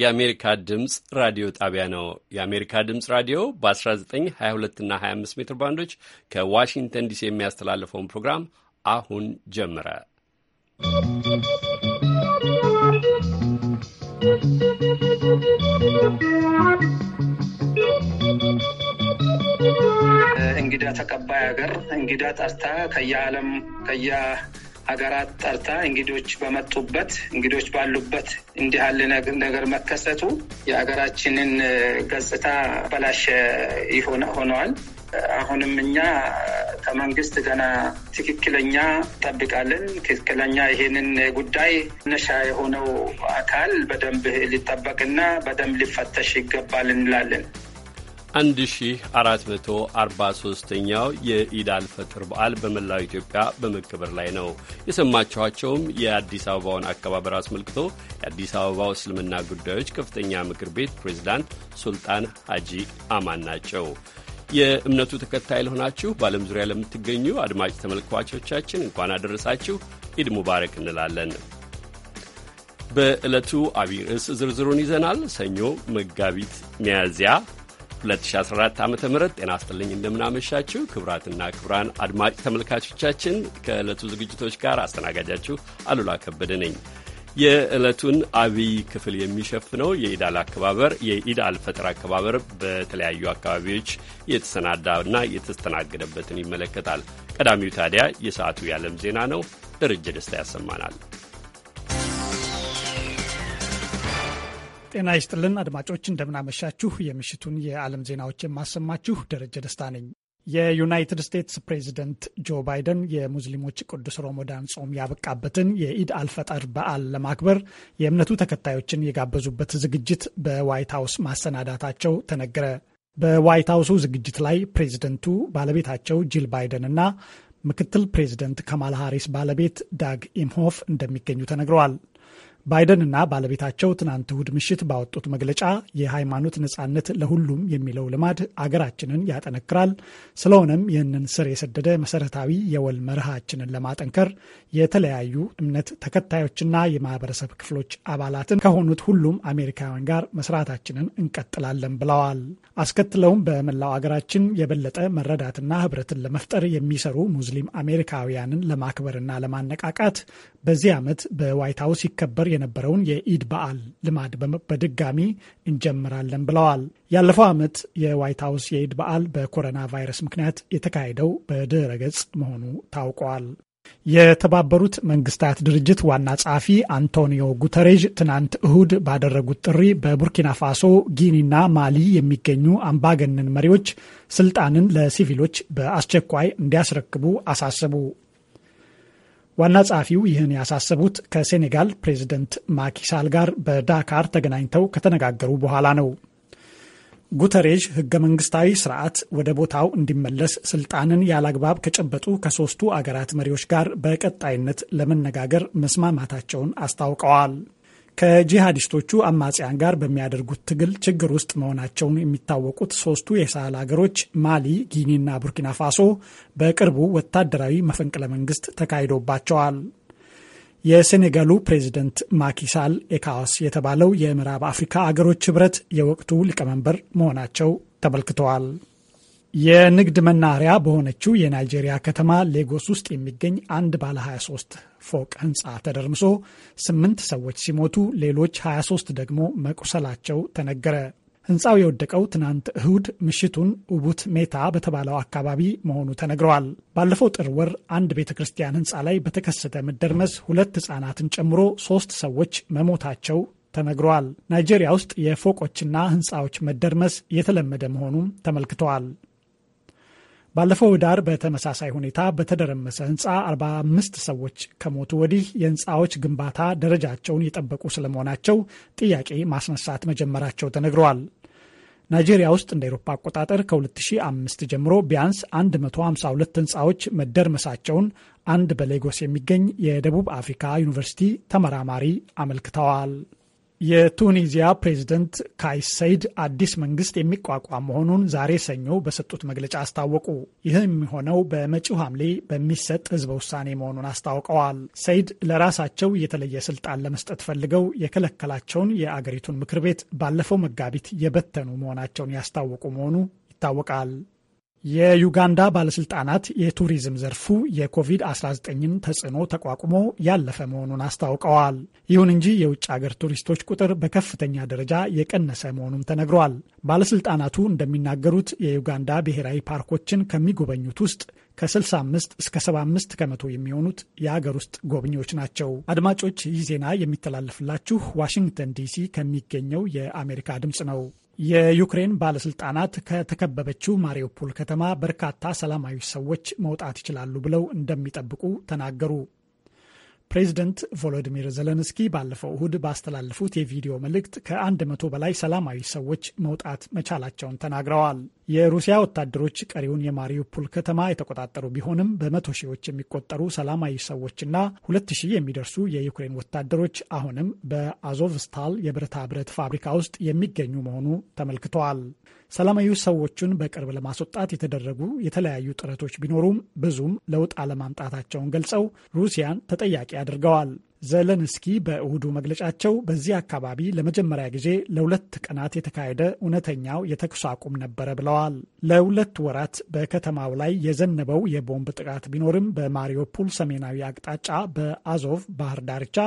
የአሜሪካ ድምፅ ራዲዮ ጣቢያ ነው። የአሜሪካ ድምፅ ራዲዮ በ1922 እና 25 ሜትር ባንዶች ከዋሽንግተን ዲሲ የሚያስተላልፈውን ፕሮግራም አሁን ጀመረ። እንግዳ ተቀባይ ሀገር እንግዳ ጠርታ ከየዓለም ከየ ሀገራት ጠርታ እንግዶች በመጡበት እንግዶች ባሉበት እንዲህ ያለ ነገር መከሰቱ የሀገራችንን ገጽታ በላሸ ሆነዋል። አሁንም እኛ ከመንግስት ገና ትክክለኛ ጠብቃለን። ትክክለኛ ይሄንን ጉዳይ መነሻ የሆነው አካል በደንብ ሊጠበቅና በደንብ ሊፈተሽ ይገባል እንላለን። 1443ኛው የኢድ አልፈጥር በዓል በመላው ኢትዮጵያ በመከበር ላይ ነው። የሰማችኋቸውም የአዲስ አበባውን አከባበር አስመልክቶ የአዲስ አበባው እስልምና ጉዳዮች ከፍተኛ ምክር ቤት ፕሬዚዳንት ሱልጣን ሀጂ አማን ናቸው። የእምነቱ ተከታይ ለሆናችሁ በዓለም ዙሪያ ለምትገኙ አድማጭ ተመልካቾቻችን እንኳን አደረሳችሁ፣ ኢድ ሙባረክ እንላለን። በዕለቱ አቢርስ ርዕስ ዝርዝሩን ይዘናል። ሰኞ መጋቢት ሚያዝያ 2014 ዓ ም ጤና ይስጥልኝ እንደምናመሻችሁ ክቡራትና ክቡራን አድማጭ ተመልካቾቻችን ከዕለቱ ዝግጅቶች ጋር አስተናጋጃችሁ አሉላ ከበደ ነኝ። የዕለቱን አብይ ክፍል የሚሸፍነው የኢዳል አከባበር የኢዳል ፈጥር አከባበር በተለያዩ አካባቢዎች የተሰናዳና የተስተናገደበትን ይመለከታል። ቀዳሚው ታዲያ የሰዓቱ የዓለም ዜና ነው። ደረጀ ደስታ ያሰማናል። ጤና ይስጥልን አድማጮች፣ እንደምናመሻችሁ። የምሽቱን የዓለም ዜናዎች የማሰማችሁ ደረጀ ደስታ ነኝ። የዩናይትድ ስቴትስ ፕሬዚደንት ጆ ባይደን የሙስሊሞች ቅዱስ ሮሞዳን ጾም ያበቃበትን የኢድ አልፈጠር በዓል ለማክበር የእምነቱ ተከታዮችን የጋበዙበት ዝግጅት በዋይት ሀውስ ማሰናዳታቸው ተነገረ። በዋይት ሀውሱ ዝግጅት ላይ ፕሬዚደንቱ ባለቤታቸው ጂል ባይደን እና ምክትል ፕሬዚደንት ከማል ሃሪስ ባለቤት ዳግ ኢምሆፍ እንደሚገኙ ተነግረዋል። ባይደን ና ባለቤታቸው ትናንት እሁድ ምሽት ባወጡት መግለጫ የሃይማኖት ነጻነት ለሁሉም የሚለው ልማድ አገራችንን ያጠነክራል፣ ስለሆነም ይህንን ስር የሰደደ መሰረታዊ የወል መርሃችንን ለማጠንከር የተለያዩ እምነት ተከታዮችና የማህበረሰብ ክፍሎች አባላትን ከሆኑት ሁሉም አሜሪካውያን ጋር መስራታችንን እንቀጥላለን ብለዋል። አስከትለውም በመላው አገራችን የበለጠ መረዳትና ህብረትን ለመፍጠር የሚሰሩ ሙስሊም አሜሪካውያንን ለማክበርና ለማነቃቃት በዚህ ዓመት በዋይት ሀውስ ይከበር የነበረውን የኢድ በዓል ልማድ በድጋሚ እንጀምራለን ብለዋል። ያለፈው ዓመት የዋይት ሀውስ የኢድ በዓል በኮሮና ቫይረስ ምክንያት የተካሄደው በድረ ገጽ መሆኑ ታውቋል። የተባበሩት መንግስታት ድርጅት ዋና ጸሐፊ አንቶኒዮ ጉተሬዥ ትናንት እሁድ ባደረጉት ጥሪ በቡርኪና ፋሶ፣ ጊኒና ማሊ የሚገኙ አምባገነን መሪዎች ስልጣንን ለሲቪሎች በአስቸኳይ እንዲያስረክቡ አሳስቡ። ዋና ጸሐፊው ይህን ያሳሰቡት ከሴኔጋል ፕሬዚደንት ማኪሳል ጋር በዳካር ተገናኝተው ከተነጋገሩ በኋላ ነው። ጉተሬዥ ህገ መንግስታዊ ስርዓት ወደ ቦታው እንዲመለስ ስልጣንን ያላግባብ ከጨበጡ ከሶስቱ አገራት መሪዎች ጋር በቀጣይነት ለመነጋገር መስማማታቸውን አስታውቀዋል። ከጂሃዲስቶቹ አማጽያን ጋር በሚያደርጉት ትግል ችግር ውስጥ መሆናቸውን የሚታወቁት ሶስቱ የሳህል ሀገሮች ማሊ፣ ጊኒና ቡርኪና ፋሶ በቅርቡ ወታደራዊ መፈንቅለ መንግስት ተካሂዶባቸዋል። የሴኔጋሉ ፕሬዚደንት ማኪሳል ኤካዋስ የተባለው የምዕራብ አፍሪካ አገሮች ህብረት የወቅቱ ሊቀመንበር መሆናቸው ተመልክተዋል። የንግድ መናኸሪያ በሆነችው የናይጄሪያ ከተማ ሌጎስ ውስጥ የሚገኝ አንድ ባለ 23 ፎቅ ህንፃ ተደርምሶ ስምንት ሰዎች ሲሞቱ ሌሎች 23 ደግሞ መቁሰላቸው ተነገረ። ህንፃው የወደቀው ትናንት እሁድ ምሽቱን ኡቡት ሜታ በተባለው አካባቢ መሆኑ ተነግረዋል። ባለፈው ጥር ወር አንድ ቤተ ክርስቲያን ህንፃ ላይ በተከሰተ መደርመስ ሁለት ህፃናትን ጨምሮ ሶስት ሰዎች መሞታቸው ተነግረዋል። ናይጄሪያ ውስጥ የፎቆችና ህንፃዎች መደርመስ የተለመደ መሆኑም ተመልክተዋል። ባለፈው ህዳር በተመሳሳይ ሁኔታ በተደረመሰ ህንፃ 45 ሰዎች ከሞቱ ወዲህ የህንፃዎች ግንባታ ደረጃቸውን የጠበቁ ስለመሆናቸው ጥያቄ ማስነሳት መጀመራቸው ተነግረዋል። ናይጄሪያ ውስጥ እንደ ኤሮፓ አቆጣጠር ከ2005 ጀምሮ ቢያንስ 152 ህንፃዎች መደርመሳቸውን አንድ በሌጎስ የሚገኝ የደቡብ አፍሪካ ዩኒቨርሲቲ ተመራማሪ አመልክተዋል። የቱኒዚያ ፕሬዝደንት ካይስ ሰይድ አዲስ መንግስት የሚቋቋም መሆኑን ዛሬ ሰኞ በሰጡት መግለጫ አስታወቁ። ይህም የሚሆነው በመጪው ሐምሌ በሚሰጥ ህዝበ ውሳኔ መሆኑን አስታውቀዋል። ሰይድ ለራሳቸው የተለየ ስልጣን ለመስጠት ፈልገው የከለከላቸውን የአገሪቱን ምክር ቤት ባለፈው መጋቢት የበተኑ መሆናቸውን ያስታወቁ መሆኑ ይታወቃል። የዩጋንዳ ባለስልጣናት የቱሪዝም ዘርፉ የኮቪድ-19ን ተጽዕኖ ተቋቁሞ ያለፈ መሆኑን አስታውቀዋል። ይሁን እንጂ የውጭ አገር ቱሪስቶች ቁጥር በከፍተኛ ደረጃ የቀነሰ መሆኑም ተነግሯል። ባለስልጣናቱ እንደሚናገሩት የዩጋንዳ ብሔራዊ ፓርኮችን ከሚጎበኙት ውስጥ ከ65 እስከ 75 ከመቶ የሚሆኑት የአገር ውስጥ ጎብኚዎች ናቸው። አድማጮች፣ ይህ ዜና የሚተላለፍላችሁ ዋሽንግተን ዲሲ ከሚገኘው የአሜሪካ ድምፅ ነው። የዩክሬን ባለስልጣናት ከተከበበችው ማሪውፖል ከተማ በርካታ ሰላማዊ ሰዎች መውጣት ይችላሉ ብለው እንደሚጠብቁ ተናገሩ። ፕሬዚደንት ቮሎዲሚር ዘለንስኪ ባለፈው እሁድ ባስተላለፉት የቪዲዮ መልእክት ከአንድ መቶ በላይ ሰላማዊ ሰዎች መውጣት መቻላቸውን ተናግረዋል። የሩሲያ ወታደሮች ቀሪውን የማሪውፖል ከተማ የተቆጣጠሩ ቢሆንም በመቶ ሺዎች የሚቆጠሩ ሰላማዊ ሰዎችና ሁለት ሺህ የሚደርሱ የዩክሬን ወታደሮች አሁንም በአዞቭስታል የብረታ ብረት ፋብሪካ ውስጥ የሚገኙ መሆኑ ተመልክተዋል። ሰላማዊ ሰዎቹን በቅርብ ለማስወጣት የተደረጉ የተለያዩ ጥረቶች ቢኖሩም ብዙም ለውጥ አለማምጣታቸውን ገልጸው ሩሲያን ተጠያቂ አድርገዋል። ዘለንስኪ በእሁዱ መግለጫቸው በዚህ አካባቢ ለመጀመሪያ ጊዜ ለሁለት ቀናት የተካሄደ እውነተኛው የተኩስ አቁም ነበረ ብለዋል። ለሁለት ወራት በከተማው ላይ የዘነበው የቦምብ ጥቃት ቢኖርም በማሪዮፖል ሰሜናዊ አቅጣጫ በአዞቭ ባህር ዳርቻ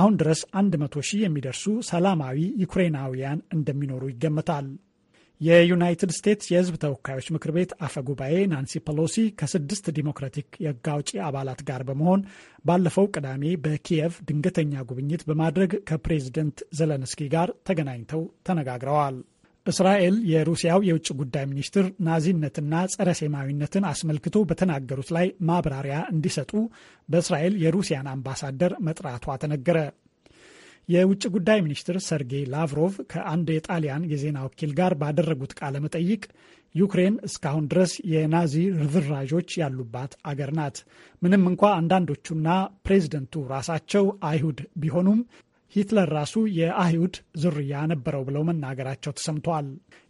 አሁን ድረስ 100 ሺህ የሚደርሱ ሰላማዊ ዩክሬናውያን እንደሚኖሩ ይገመታል። የዩናይትድ ስቴትስ የሕዝብ ተወካዮች ምክር ቤት አፈ ጉባኤ ናንሲ ፐሎሲ ከስድስት ዲሞክራቲክ የሕግ አውጪ አባላት ጋር በመሆን ባለፈው ቅዳሜ በኪየቭ ድንገተኛ ጉብኝት በማድረግ ከፕሬዝደንት ዘለንስኪ ጋር ተገናኝተው ተነጋግረዋል። እስራኤል የሩሲያው የውጭ ጉዳይ ሚኒስትር ናዚነትና ጸረ ሴማዊነትን አስመልክቶ በተናገሩት ላይ ማብራሪያ እንዲሰጡ በእስራኤል የሩሲያን አምባሳደር መጥራቷ ተነገረ። የውጭ ጉዳይ ሚኒስትር ሰርጌይ ላቭሮቭ ከአንድ የጣሊያን የዜና ወኪል ጋር ባደረጉት ቃለ መጠይቅ ዩክሬን እስካሁን ድረስ የናዚ ርዝራዦች ያሉባት አገር ናት። ምንም እንኳ አንዳንዶቹና ፕሬዝደንቱ ራሳቸው አይሁድ ቢሆኑም ሂትለር ራሱ የአይሁድ ዝርያ ነበረው ብለው መናገራቸው ተሰምተዋል።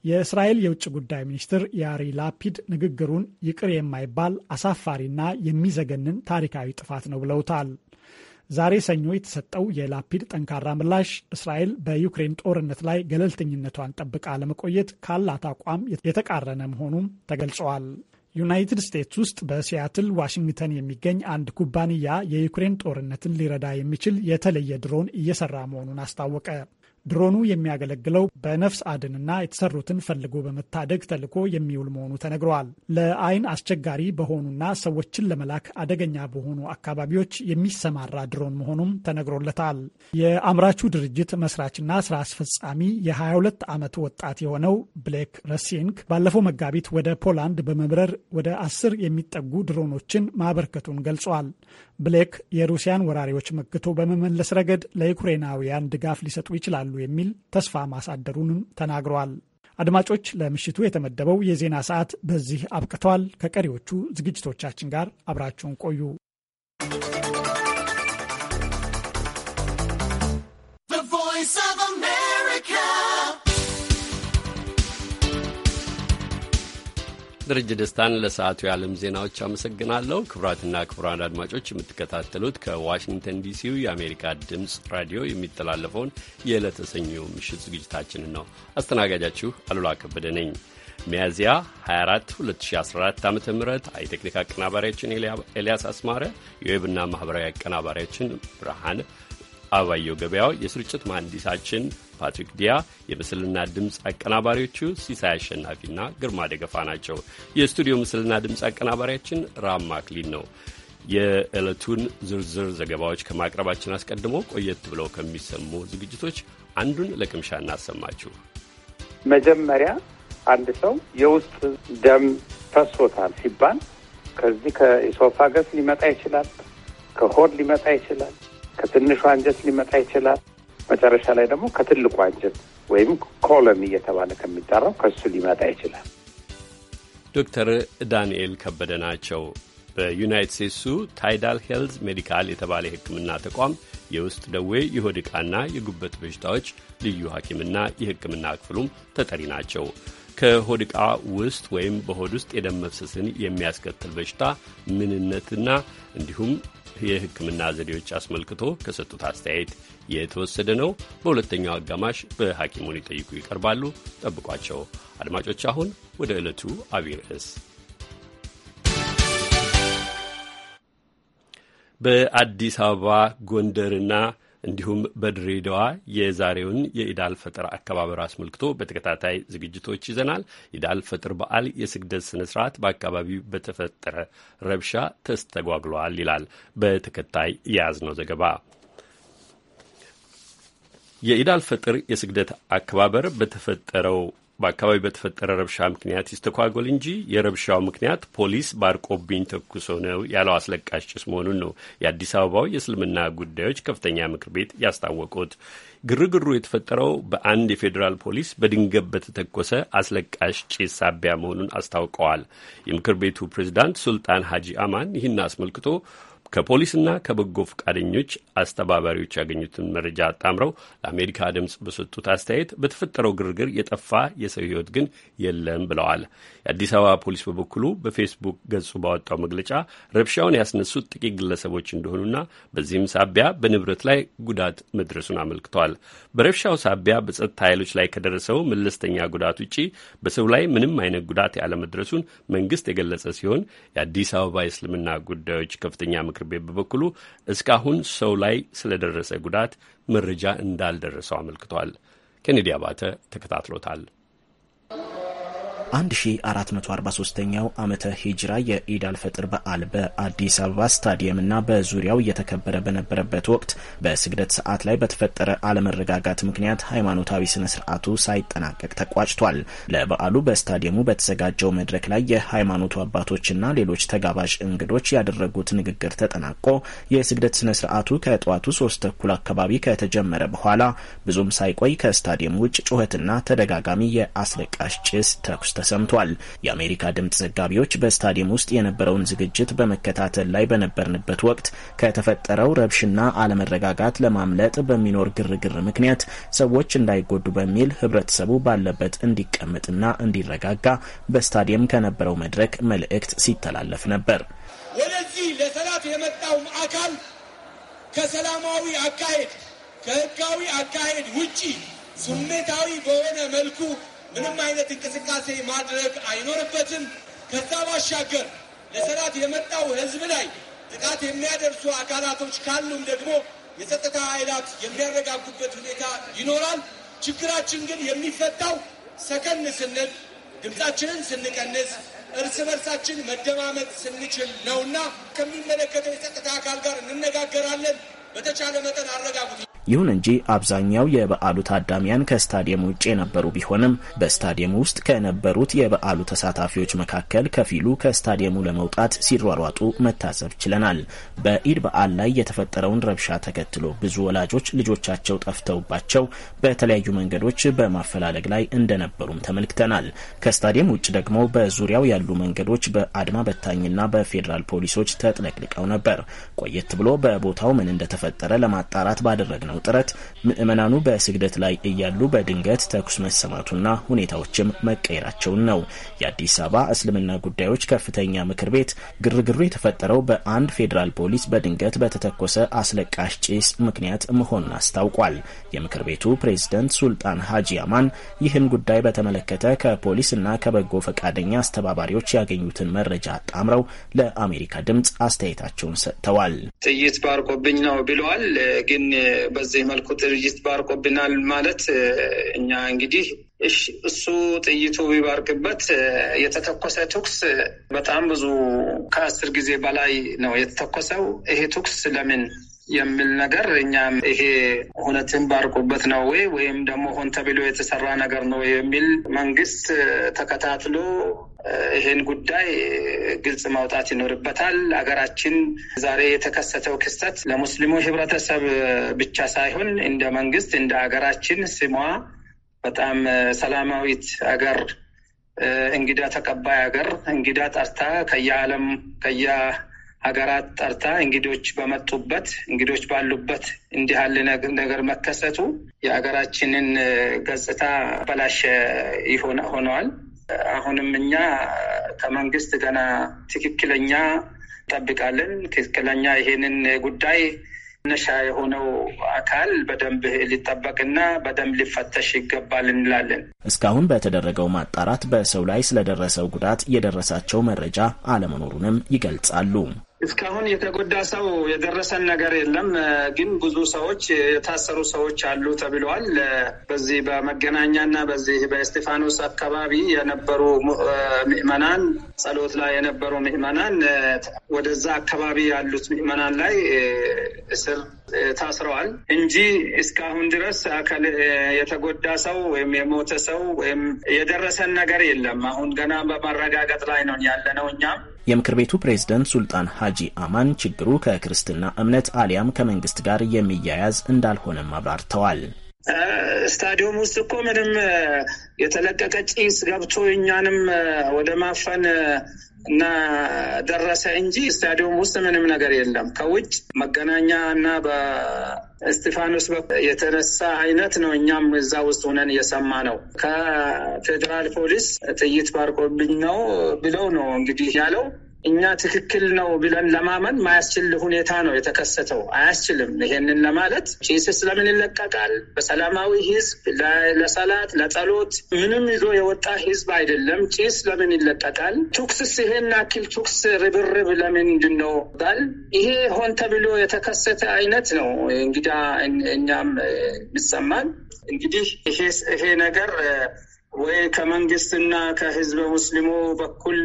የእስራኤል የውጭ ጉዳይ ሚኒስትር ያሪ ላፒድ ንግግሩን ይቅር የማይባል አሳፋሪና የሚዘገንን ታሪካዊ ጥፋት ነው ብለውታል። ዛሬ ሰኞ የተሰጠው የላፒድ ጠንካራ ምላሽ እስራኤል በዩክሬን ጦርነት ላይ ገለልተኝነቷን ጠብቃ ለመቆየት ካላት አቋም የተቃረነ መሆኑም ተገልጸዋል። ዩናይትድ ስቴትስ ውስጥ በሲያትል ዋሽንግተን የሚገኝ አንድ ኩባንያ የዩክሬን ጦርነትን ሊረዳ የሚችል የተለየ ድሮን እየሰራ መሆኑን አስታወቀ። ድሮኑ የሚያገለግለው በነፍስ አድንና የተሰሩትን ፈልጎ በመታደግ ተልዕኮ የሚውል መሆኑ ተነግረዋል። ለአይን አስቸጋሪ በሆኑና ሰዎችን ለመላክ አደገኛ በሆኑ አካባቢዎች የሚሰማራ ድሮን መሆኑም ተነግሮለታል። የአምራቹ ድርጅት መስራችና ስራ አስፈጻሚ የ22 ዓመት ወጣት የሆነው ብሌክ ረሲንክ ባለፈው መጋቢት ወደ ፖላንድ በመብረር ወደ አስር የሚጠጉ ድሮኖችን ማበርከቱን ገልጿል። ብሌክ የሩሲያን ወራሪዎች መክቶ በመመለስ ረገድ ለዩክሬናውያን ድጋፍ ሊሰጡ ይችላሉ ይችላሉ የሚል ተስፋ ማሳደሩንም ተናግረዋል። አድማጮች፣ ለምሽቱ የተመደበው የዜና ሰዓት በዚህ አብቅተዋል። ከቀሪዎቹ ዝግጅቶቻችን ጋር አብራችሁን ቆዩ። ደረጀ ደስታን ለሰዓቱ የዓለም ዜናዎች አመሰግናለሁ። ክቡራትና ክቡራን አድማጮች የምትከታተሉት ከዋሽንግተን ዲሲው የአሜሪካ ድምፅ ራዲዮ የሚተላለፈውን የዕለተ ሰኞ ምሽት ዝግጅታችንን ነው። አስተናጋጃችሁ አሉላ ከበደ ነኝ። ሚያዝያ 24 2014 ዓ ም የቴክኒክ አቀናባሪያችን ኤልያስ አስማረ፣ የዌብና ማኅበራዊ አቀናባሪያችን ብርሃን አባየው ገበያው፣ የስርጭት መሐንዲሳችን ፓትሪክ ዲያ፣ የምስልና ድምፅ አቀናባሪዎቹ ሲሳይ አሸናፊና ግርማ ደገፋ ናቸው። የስቱዲዮ ምስልና ድምፅ አቀናባሪያችን ራም ማክሊን ነው። የዕለቱን ዝርዝር ዘገባዎች ከማቅረባችን አስቀድሞ ቆየት ብለው ከሚሰሙ ዝግጅቶች አንዱን ለቅምሻ እናሰማችሁ። መጀመሪያ አንድ ሰው የውስጥ ደም ፈሶታል ሲባል ከዚህ ከኢሶፋገስ ሊመጣ ይችላል፣ ከሆድ ሊመጣ ይችላል ከትንሿ አንጀት ሊመጣ ይችላል። መጨረሻ ላይ ደግሞ ከትልቁ አንጀት ወይም ኮለን እየተባለ ከሚጠራው ከሱ ሊመጣ ይችላል። ዶክተር ዳንኤል ከበደ ናቸው። በዩናይት ስቴትሱ ታይዳል ሄልዝ ሜዲካል የተባለ የሕክምና ተቋም የውስጥ ደዌ የሆድ ዕቃና የጉበት በሽታዎች ልዩ ሐኪምና የሕክምና ክፍሉም ተጠሪ ናቸው። ከሆድ ዕቃ ውስጥ ወይም በሆድ ውስጥ የደም መፍሰስን የሚያስከትል በሽታ ምንነትና እንዲሁም የሕክምና ዘዴዎች አስመልክቶ ከሰጡት አስተያየት የተወሰደ ነው። በሁለተኛው አጋማሽ በሐኪሙን ይጠይቁ ይቀርባሉ። ጠብቋቸው አድማጮች። አሁን ወደ ዕለቱ አብይ ርዕስ በአዲስ አበባ ጎንደርና እንዲሁም በድሬዳዋ የዛሬውን የኢዳል ፈጥር አከባበር አስመልክቶ በተከታታይ ዝግጅቶች ይዘናል። ኢዳል ፈጥር በዓል የስግደት ስነ ስርዓት በአካባቢው በተፈጠረ ረብሻ ተስተጓግሏል ይላል በተከታይ የያዝነው ዘገባ። የኢዳል ፈጥር የስግደት አከባበር በተፈጠረው በአካባቢው በተፈጠረ ረብሻ ምክንያት ይስተኳጎል እንጂ የረብሻው ምክንያት ፖሊስ ባርቆብኝ ተኩሶ ነው ያለው አስለቃሽ ጭስ መሆኑን ነው የአዲስ አበባው የእስልምና ጉዳዮች ከፍተኛ ምክር ቤት ያስታወቁት። ግርግሩ የተፈጠረው በአንድ የፌዴራል ፖሊስ በድንገት በተተኮሰ አስለቃሽ ጭስ ሳቢያ መሆኑን አስታውቀዋል። የምክር ቤቱ ፕሬዚዳንት ሱልጣን ሀጂ አማን ይህን አስመልክቶ ከፖሊስና ከበጎ ፈቃደኞች አስተባባሪዎች ያገኙትን መረጃ አጣምረው ለአሜሪካ ድምፅ በሰጡት አስተያየት በተፈጠረው ግርግር የጠፋ የሰው ሕይወት ግን የለም ብለዋል። የአዲስ አበባ ፖሊስ በበኩሉ በፌስቡክ ገጹ ባወጣው መግለጫ ረብሻውን ያስነሱት ጥቂት ግለሰቦች እንደሆኑና በዚህም ሳቢያ በንብረት ላይ ጉዳት መድረሱን አመልክተዋል። በረብሻው ሳቢያ በጸጥታ ኃይሎች ላይ ከደረሰው መለስተኛ ጉዳት ውጪ በሰው ላይ ምንም አይነት ጉዳት ያለመድረሱን መንግስት የገለጸ ሲሆን የአዲስ አበባ የእስልምና ጉዳዮች ከፍተኛ ምክር ምክር ቤት በበኩሉ እስካሁን ሰው ላይ ስለደረሰ ጉዳት መረጃ እንዳልደረሰው አመልክቷል። ኬኔዲ አባተ ተከታትሎታል። 1443ኛው ዓመተ ሂጅራ የኢድ አልፈጥር በዓል በአዲስ አበባ ስታዲየምና በዙሪያው እየተከበረ በነበረበት ወቅት በስግደት ሰዓት ላይ በተፈጠረ አለመረጋጋት ምክንያት ሃይማኖታዊ ስነ ስርዓቱ ሳይጠናቀቅ ተቋጭቷል። ለበዓሉ በስታዲየሙ በተዘጋጀው መድረክ ላይ የሃይማኖቱ አባቶችና ሌሎች ተጋባዥ እንግዶች ያደረጉት ንግግር ተጠናቆ የስግደት ስነ ስርዓቱ ከጠዋቱ ሶስት ተኩል አካባቢ ከተጀመረ በኋላ ብዙም ሳይቆይ ከስታዲየም ውጭ ጩኸትና ተደጋጋሚ የአስለቃሽ ጭስ ተኩስ ተሰምቷል። የአሜሪካ ድምፅ ዘጋቢዎች በስታዲየም ውስጥ የነበረውን ዝግጅት በመከታተል ላይ በነበርንበት ወቅት ከተፈጠረው ረብሽና አለመረጋጋት ለማምለጥ በሚኖር ግርግር ምክንያት ሰዎች እንዳይጎዱ በሚል ህብረተሰቡ ባለበት እንዲቀመጥና እንዲረጋጋ በስታዲየም ከነበረው መድረክ መልእክት ሲተላለፍ ነበር። ወደዚህ ለሰላት የመጣውም አካል ከሰላማዊ አካሄድ ከህጋዊ አካሄድ ውጪ ስሜታዊ በሆነ መልኩ ምንም አይነት እንቅስቃሴ ማድረግ አይኖርበትም። ከዛ ባሻገር ለሰላት የመጣው ህዝብ ላይ ጥቃት የሚያደርሱ አካላቶች ካሉም ደግሞ የጸጥታ ኃይላት የሚያረጋጉበት ሁኔታ ይኖራል። ችግራችን ግን የሚፈታው ሰከን ስንል፣ ድምፃችንን ስንቀንስ፣ እርስ በርሳችን መደማመጥ ስንችል ነውና ከሚመለከተው የጸጥታ አካል ጋር እንነጋገራለን። በተቻለ መጠን አረጋጉት። ይሁን እንጂ አብዛኛው የበዓሉ ታዳሚያን ከስታዲየም ውጭ የነበሩ ቢሆንም በስታዲየም ውስጥ ከነበሩት የበዓሉ ተሳታፊዎች መካከል ከፊሉ ከስታዲየሙ ለመውጣት ሲሯሯጡ መታዘብ ችለናል። በኢድ በዓል ላይ የተፈጠረውን ረብሻ ተከትሎ ብዙ ወላጆች ልጆቻቸው ጠፍተውባቸው በተለያዩ መንገዶች በማፈላለግ ላይ እንደነበሩም ተመልክተናል። ከስታዲየም ውጭ ደግሞ በዙሪያው ያሉ መንገዶች በአድማ በታኝና በፌዴራል ፖሊሶች ተጥለቅልቀው ነበር። ቆየት ብሎ በቦታው ምን እንደተፈጠረ ለማጣራት ባደረግነው በተደረገው ጥረት ምዕመናኑ በስግደት ላይ እያሉ በድንገት ተኩስ መሰማቱና ሁኔታዎችም መቀየራቸውን ነው። የአዲስ አበባ እስልምና ጉዳዮች ከፍተኛ ምክር ቤት ግርግሩ የተፈጠረው በአንድ ፌዴራል ፖሊስ በድንገት በተተኮሰ አስለቃሽ ጭስ ምክንያት መሆኑን አስታውቋል። የምክር ቤቱ ፕሬዝደንት ሱልጣን ሀጂ አማን ይህን ጉዳይ በተመለከተ ከፖሊስና ከበጎ ፈቃደኛ አስተባባሪዎች ያገኙትን መረጃ አጣምረው ለአሜሪካ ድምፅ አስተያየታቸውን ሰጥተዋል። ጥይት ባርኮብኝ ነው ብለዋል። ግን በዚህ መልኩ ድርጅት ባርቆብናል ማለት እኛ እንግዲህ እሱ ጥይቱ ቢባርቅበት የተተኮሰ ቱክስ በጣም ብዙ ከአስር ጊዜ በላይ ነው የተተኮሰው። ይሄ ትኩስ ለምን የሚል ነገር እኛም ይሄ እውነትን ባርቁበት ነው ወይ ወይም ደግሞ ሆን ተብሎ የተሰራ ነገር ነው የሚል መንግስት ተከታትሎ ይህን ጉዳይ ግልጽ ማውጣት ይኖርበታል። ሀገራችን ዛሬ የተከሰተው ክስተት ለሙስሊሙ ህብረተሰብ ብቻ ሳይሆን እንደ መንግስት እንደ ሀገራችን ስሟ በጣም ሰላማዊት ሀገር እንግዳ ተቀባይ ሀገር እንግዳ ጠርታ ከየዓለም ከየ ሀገራት ጠርታ እንግዶች በመጡበት እንግዶች ባሉበት እንዲህ ያለ ነገር መከሰቱ የሀገራችንን ገጽታ በላሸ ሆነዋል። አሁንም እኛ ከመንግስት ገና ትክክለኛ እንጠብቃለን። ትክክለኛ ይሄንን ጉዳይ መነሻ የሆነው አካል በደንብ ሊጠበቅና በደንብ ሊፈተሽ ይገባል እንላለን። እስካሁን በተደረገው ማጣራት በሰው ላይ ስለደረሰው ጉዳት የደረሳቸው መረጃ አለመኖሩንም ይገልጻሉ። እስካሁን የተጎዳ ሰው የደረሰን ነገር የለም። ግን ብዙ ሰዎች የታሰሩ ሰዎች አሉ ተብለዋል። በዚህ በመገናኛና በዚህ በእስጢፋኖስ አካባቢ የነበሩ ምዕመናን፣ ጸሎት ላይ የነበሩ ምዕመናን ወደዛ አካባቢ ያሉት ምዕመናን ላይ እስር ታስረዋል እንጂ እስካሁን ድረስ የተጎዳ ሰው ወይም የሞተ ሰው ወይም የደረሰን ነገር የለም። አሁን ገና በማረጋገጥ ላይ ነው ያለነው እኛም የምክር ቤቱ ፕሬዝደንት ሱልጣን ሀጂ አማን ችግሩ ከክርስትና እምነት አሊያም ከመንግስት ጋር የሚያያዝ እንዳልሆነም አብራርተዋል። ስታዲየም ውስጥ እኮ ምንም የተለቀቀ ጭስ ገብቶ እኛንም ወደ ማፈን እና ደረሰ እንጂ ስታዲየም ውስጥ ምንም ነገር የለም። ከውጭ መገናኛ እና በእስጢፋኖስ የተነሳ አይነት ነው። እኛም እዛ ውስጥ ሆነን እየሰማ ነው። ከፌዴራል ፖሊስ ጥይት ባርቆብኝ ነው ብለው ነው እንግዲህ ያለው እኛ ትክክል ነው ብለን ለማመን ማያስችል ሁኔታ ነው የተከሰተው። አያስችልም። ይሄንን ለማለት ጭስስ ለምን ይለቀቃል? በሰላማዊ ህዝብ ለሰላት ለጸሎት ምንም ይዞ የወጣ ህዝብ አይደለም። ጭስ ለምን ይለቀቃል? ቱክስስ ይሄን አክል ቱክስ ርብርብ ለምንድን ነው ባል ይሄ ሆን ተብሎ የተከሰተ አይነት ነው። እንግዳ እኛም ይሰማል። እንግዲህ ይሄ ነገር ወይ ከመንግስትና ከህዝበ ሙስሊሙ በኩል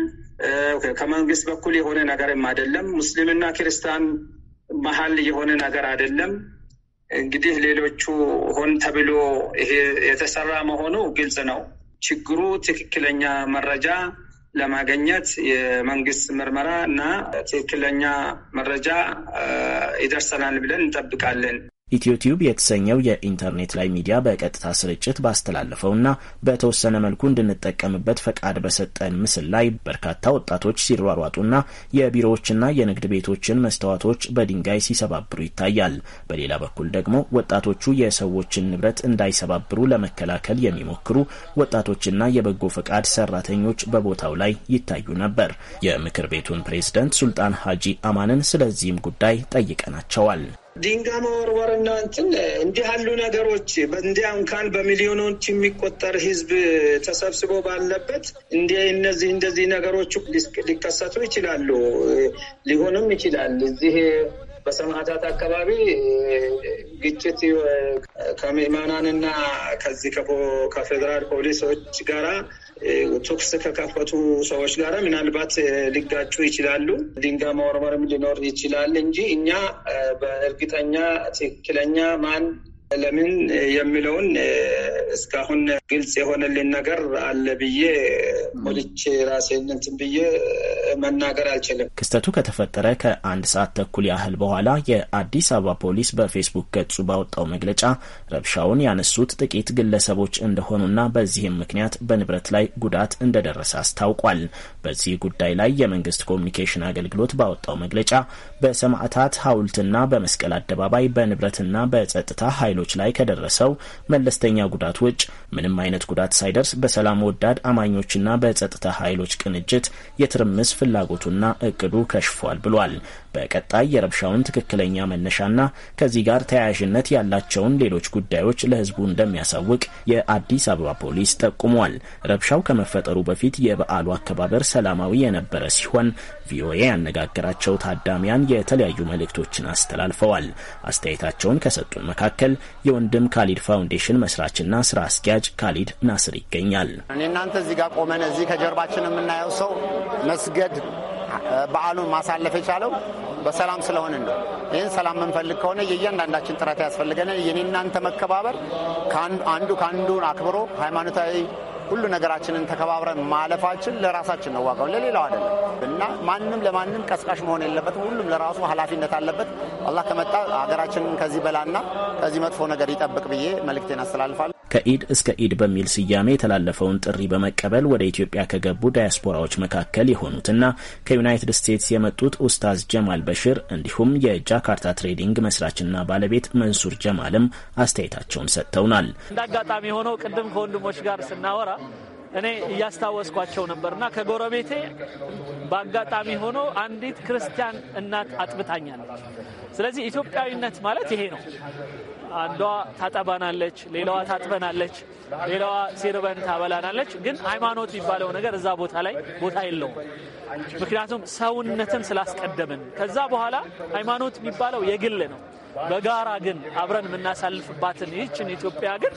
ከመንግስት በኩል የሆነ ነገርም አይደለም። ሙስሊምና ክርስቲያን መሀል የሆነ ነገር አይደለም። እንግዲህ ሌሎቹ ሆን ተብሎ ይሄ የተሰራ መሆኑ ግልጽ ነው። ችግሩ ትክክለኛ መረጃ ለማገኘት የመንግስት ምርመራ እና ትክክለኛ መረጃ ይደርሰናል ብለን እንጠብቃለን። ኢትዮቲዩብ የተሰኘው የኢንተርኔት ላይ ሚዲያ በቀጥታ ስርጭት ባስተላለፈውና በተወሰነ መልኩ እንድንጠቀምበት ፈቃድ በሰጠን ምስል ላይ በርካታ ወጣቶች ሲሯሯጡና የቢሮዎችና የንግድ ቤቶችን መስተዋቶች በድንጋይ ሲሰባብሩ ይታያል። በሌላ በኩል ደግሞ ወጣቶቹ የሰዎችን ንብረት እንዳይሰባብሩ ለመከላከል የሚሞክሩ ወጣቶችና የበጎ ፈቃድ ሰራተኞች በቦታው ላይ ይታዩ ነበር። የምክር ቤቱን ፕሬዝደንት ሱልጣን ሀጂ አማንን ስለዚህም ጉዳይ ጠይቀናቸዋል። ድንጋይ መወርወርና እንትን እንዲህ ያሉ ነገሮች እንዲህ እንኳን በሚሊዮኖች የሚቆጠር ህዝብ ተሰብስቦ ባለበት እንዲህ እነዚህ እንደዚህ ነገሮች ሊከሰቱ ይችላሉ፣ ሊሆንም ይችላል። እዚህ በሰማዕታት አካባቢ ግጭት ከምዕመናንና ከዚህ ከፌዴራል ፖሊሶች ጋራ ቶክስ ከከፈቱ ሰዎች ጋር ምናልባት ሊጋጩ ይችላሉ። ድንጋ መወርወርም ሊኖር ይችላል እንጂ እኛ በእርግጠኛ ትክክለኛ ማን ለምን የሚለውን እስካሁን ግልጽ የሆነልን ነገር አለ ብዬ ሞልቼ ራሴን እንትን ብዬ መናገር አልችልም። ክስተቱ ከተፈጠረ ከአንድ ሰዓት ተኩል ያህል በኋላ የአዲስ አበባ ፖሊስ በፌስቡክ ገጹ ባወጣው መግለጫ ረብሻውን ያነሱት ጥቂት ግለሰቦች እንደሆኑና በዚህም ምክንያት በንብረት ላይ ጉዳት እንደደረሰ አስታውቋል። በዚህ ጉዳይ ላይ የመንግስት ኮሚኒኬሽን አገልግሎት ባወጣው መግለጫ በሰማዕታት ሐውልትና በመስቀል አደባባይ በንብረትና በጸጥታ ኃይሎች ላይ ከደረሰው መለስተኛ ጉዳት ውጭ ምንም አይነት ጉዳት ሳይደርስ በሰላም ወዳድ አማኞችና በጸጥታ ኃይሎች ቅንጅት የትርምስ ፍላጎቱና እቅዱ ከሽፏል ብሏል። በቀጣይ የረብሻውን ትክክለኛ መነሻና ከዚህ ጋር ተያያዥነት ያላቸውን ሌሎች ጉዳዮች ለሕዝቡ እንደሚያሳውቅ የአዲስ አበባ ፖሊስ ጠቁሟል። ረብሻው ከመፈጠሩ በፊት የበዓሉ አከባበር ሰላማዊ የነበረ ሲሆን ቪኦኤ ያነጋገራቸው ታዳሚያን የተለያዩ መልእክቶችን አስተላልፈዋል። አስተያየታቸውን ከሰጡን መካከል የወንድም ካሊድ ፋውንዴሽን መስራችና ስራ አስኪያጅ ካሊድ ናስር ይገኛል። እኔ እናንተ እዚህ ጋር ቆመን እዚህ ከጀርባችን የምናየው ሰው መስገድ በዓሉን ማሳለፍ የቻለው በሰላም ስለሆንን ነው። ይህን ሰላም የምንፈልግ ከሆነ የእያንዳንዳችን ጥረት ያስፈልገናል። የኔ እናንተ መከባበር አንዱ ከአንዱን አክብሮ ሃይማኖታዊ ሁሉ ነገራችንን ተከባብረን ማለፋችን ለራሳችን ነው ዋጋው፣ ለሌላው አይደለም እና ማንም ለማንም ቀስቃሽ መሆን የለበትም። ሁሉም ለራሱ ኃላፊነት አለበት። አላህ ከመጣ ሀገራችንን ከዚህ በላና ከዚህ መጥፎ ነገር ይጠብቅ ብዬ መልእክቴን አስተላልፋለሁ። ከኢድ እስከ ኢድ በሚል ስያሜ የተላለፈውን ጥሪ በመቀበል ወደ ኢትዮጵያ ከገቡ ዳያስፖራዎች መካከል የሆኑትና ከዩናይትድ ስቴትስ የመጡት ኡስታዝ ጀማል በሽር እንዲሁም የጃካርታ ትሬዲንግ መስራችና ባለቤት መንሱር ጀማልም አስተያየታቸውን ሰጥተውናል። እንደ አጋጣሚ የሆነው ቅድም ከወንድሞች ጋር ስናወራ እኔ እያስታወስኳቸው ነበርና ከጎረቤቴ በአጋጣሚ ሆኖ አንዲት ክርስቲያን እናት አጥብታኛለች። ስለዚህ ኢትዮጵያዊነት ማለት ይሄ ነው። አንዷ ታጠባናለች፣ ሌላዋ ታጥበናለች፣ ሌላዋ ሲርበን ታበላናለች። ግን ሃይማኖት የሚባለው ነገር እዛ ቦታ ላይ ቦታ የለውም። ምክንያቱም ሰውነትን ስላስቀደምን ከዛ በኋላ ሃይማኖት የሚባለው የግል ነው። በጋራ ግን አብረን የምናሳልፍባትን ይህችን ኢትዮጵያ ግን